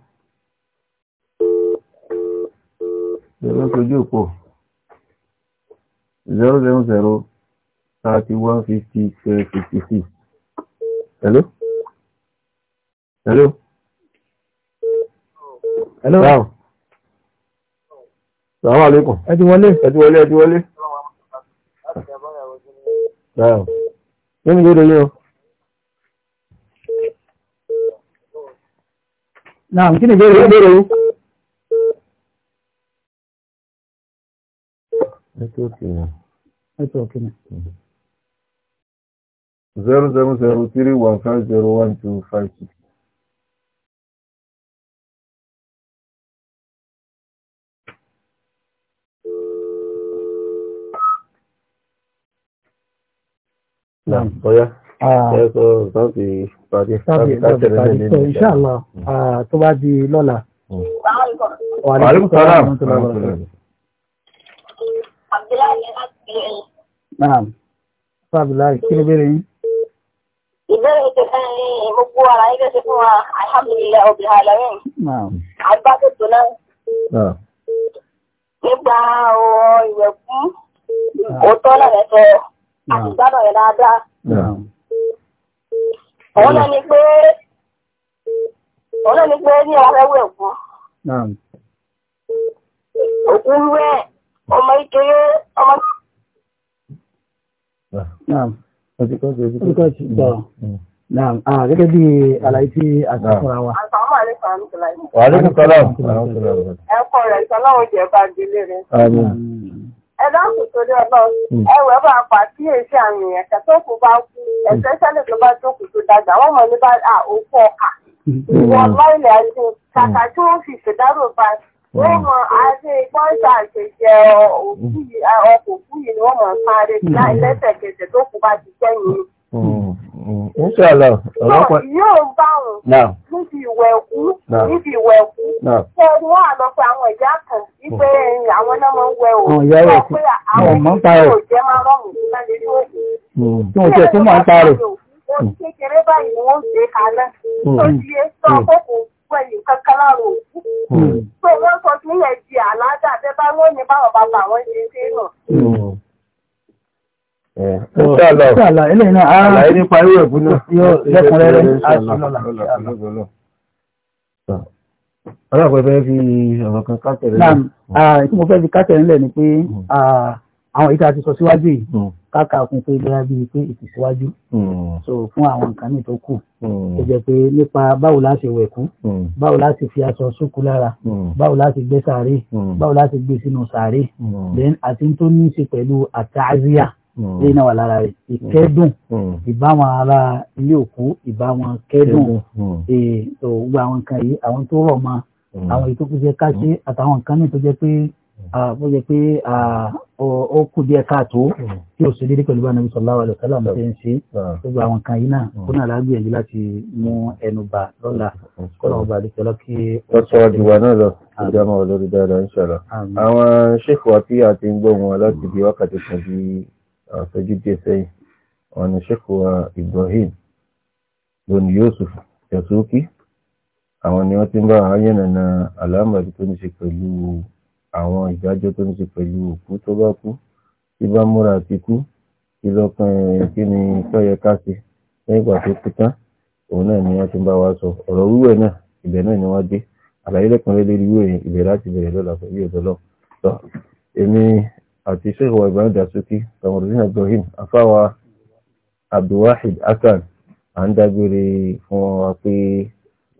A: zero sojú òpó zero zero zero thirty one fifty seven fifty six hello hello hello báwo salamu alaikum ẹ ti wọlé ẹ ti wọlé ẹ ti wọlé báwo kí ni yóò dé yín o.
B: Náà,
C: kí ni ìbéèrè ìbéèrè yìí?
A: Nẹ́tíwọ̀kì náà. Nẹ́tíwọ̀kì náà. Zero seven zero three one five zero one two five six. Náà, bóyá. Oh, Inshallah
B: tó bá di lọ́la. Mm. Wàhálà sọ́lá. Naam. Fábíláì, kí ló bẹ̀rẹ̀ yín?
D: Ìbéèrè tó fẹ́ ní gbogbo ara ẹgbẹ́ tó fún wa, alhamdulillah ọ̀bì àlàyé. Àgbà tó tó náà. Ah. Nígbà ọ̀rọ̀ ìwẹ̀kú, ah. òótọ́ náà rẹ̀ sọ, àti ìgbádùn rẹ̀ dáadáa ọ̀rẹ́ ni pé ọ̀rẹ́ ni pé ní arẹ́wẹ̀ kú òkú wẹ́ ọmọ ìkéré ọmọ.
B: Mm. Naam, ah, gẹ́gẹ́ bí àlàyé tí
C: a sọ fúnra wa.
D: Àtàwọn àlejò àmì tìlàyé. Wà
C: á lè kọ́ lọ́wọ́.
D: Ẹ̀kọ́ rẹ̀ ìtọ́lọ́wọ́ jẹ́ bá délé rẹ̀ ẹ dákun torí ọlọ́run hmm. ẹwẹ́ bá pa kíyèsí àwọn èèyàn kẹtọ́ kó bá kú ẹ̀sẹ̀ hmm. sẹ́lẹ̀ tó bá jókòó tó dàgbà wọ́n mọ̀ nípa òkú ọkà
C: hmm. ìwọ ọlọ́ọ̀lẹ̀
D: àti kàkà tí wọ́n fi ṣèdárò bá wọ́n mọ àti pọ́ńtà àṣẹjẹ ọkọ̀ òkú yìí ni wọ́n mọ̀ sáré lẹ́sẹ̀kẹsẹ̀ tó kú bá ti kẹ́yìn
A: Mm. Inshallah. Yóò bá wọn
D: níbi ìwẹ̀ ẹ̀kú, níbi ìwẹ̀ ẹ̀kú. Ṣé ni wọ́n àlọ́ pé àwọn ìyá kan wípé mm. àwọn náà máa ń wẹ o? Àwọn ìyá rẹ̀ kú. Àwọn ọmọ ń pa rẹ̀. Ìjẹ́ máa rọrùn nígbà lórí òkú.
C: Mm. Tí wọ́n jẹ́ fún máa ń pa rẹ̀.
D: Oṣù kékeré báyìí ni wọ́n ń gbé kalẹ̀. Tó di é sọ kókò pẹ̀lú kankan láàrú òkú. Pé wọ́n sọ sí ilẹ̀ di àládà tẹ́ bá wọ́n ní báwọn bàbá àwọn ṣe ṣe náà.
C: Ìṣàlá eléyìí náà ara ah, rẹ̀ nípa irú ẹ̀kú náà yóò lẹ́kùnrẹ́rẹ́ àṣìlọ́lá.
A: Ọlọ́pàá fẹ́ fi ọ̀rọ̀ kan kátẹ̀rẹ́ lẹ̀.
B: Náà ah, tí mo fẹ́ fi kátẹ̀rẹ́ lẹ̀ ni pé hmm. ah, àwọn ìta ti sọ síwájú yìí hmm. káka kún pé bẹ́ẹ̀ bí pé ìtìsíwájú. Hmm. So fún àwọn nǹkan míì tó kù. Ó jẹ́ pé nípa báwo la ṣe wẹ̀kú, báwo la ṣe fi aṣọ sókú lára, báwo la ṣe gbé sàárè, báwo la ṣe gbé sínú sàárè, then àti tó ní í ṣe pẹ̀lú àtàzíyà lẹ́yìn náà wà lára rẹ̀ hmm. ìkẹ́dùn hmm. ìbáwọn ará ilé òkú ìbáwọn kẹ́dùn hmm. gbogbo àwọn nǹkan yìí àwọn tó rọ̀ mọ́ àwọn èyí tó kú jẹ́ káṣí àtàwọn nǹkan mìíràn tó jẹ́ pé bó jẹ́ pé ó kù díẹ̀ káàtó tí ó ṣe déédéé pẹ̀lú bá nàbí sallallahu alaihi wasallam ṣe ń ṣe gbogbo àwọn nǹkan yìí náà ó náà lágbìyànjú láti mú ẹnu bà
A: lọ́la kọ́lọ̀ ọba àdìsọ́lọ́ kí. lọ́sọ̀ àdìwà náà lọ ìjọba olórí dáadáa ń ṣọ̀rọ̀ àwọn ṣèkọ̀ọ́ tí a ń gbọ́ wọn láti bí wákàtí kan bíi ọ̀sẹ̀jú díẹ̀ sẹ́yìn ọ̀nà ṣẹ́kù Ibrahim lónìí Yusuf Yasuki àwọn ni wọ́n ti ń bá àwọn yànnàna àlámọ̀rí tó ní ṣe pẹ̀lú àwọn ìdájọ́ tó ní ṣe pẹ̀lú òkú tó bá kú tí bá múra àti kú kí lọ́kàn kí ni tọ́yẹ ká ṣe tó kú tán òun náà ni wọ́n ti ń bá wa sọ ọ̀rọ̀ wíwẹ̀ náà ibẹ̀ náà ni wọ́n dé àlàyé lẹ́kùnrin lórí wíwẹ̀ ibẹ̀ láti bẹ̀rẹ̀ lọ́la pẹ̀lú ìdọ́lọ́ èmi àti sheikh wa ibrahim dasuki samurin ibrahim afáwa abdulwahid akan à ń dágbére fún wa pé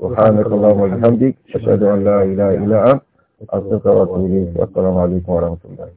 A: wàhánàkàlá mọ̀lẹ́hàmdík aṣáájú ọ̀la ìlà ìlà àtúntàwà tó rí wàsàlámù alaykum wa rahmatullahi.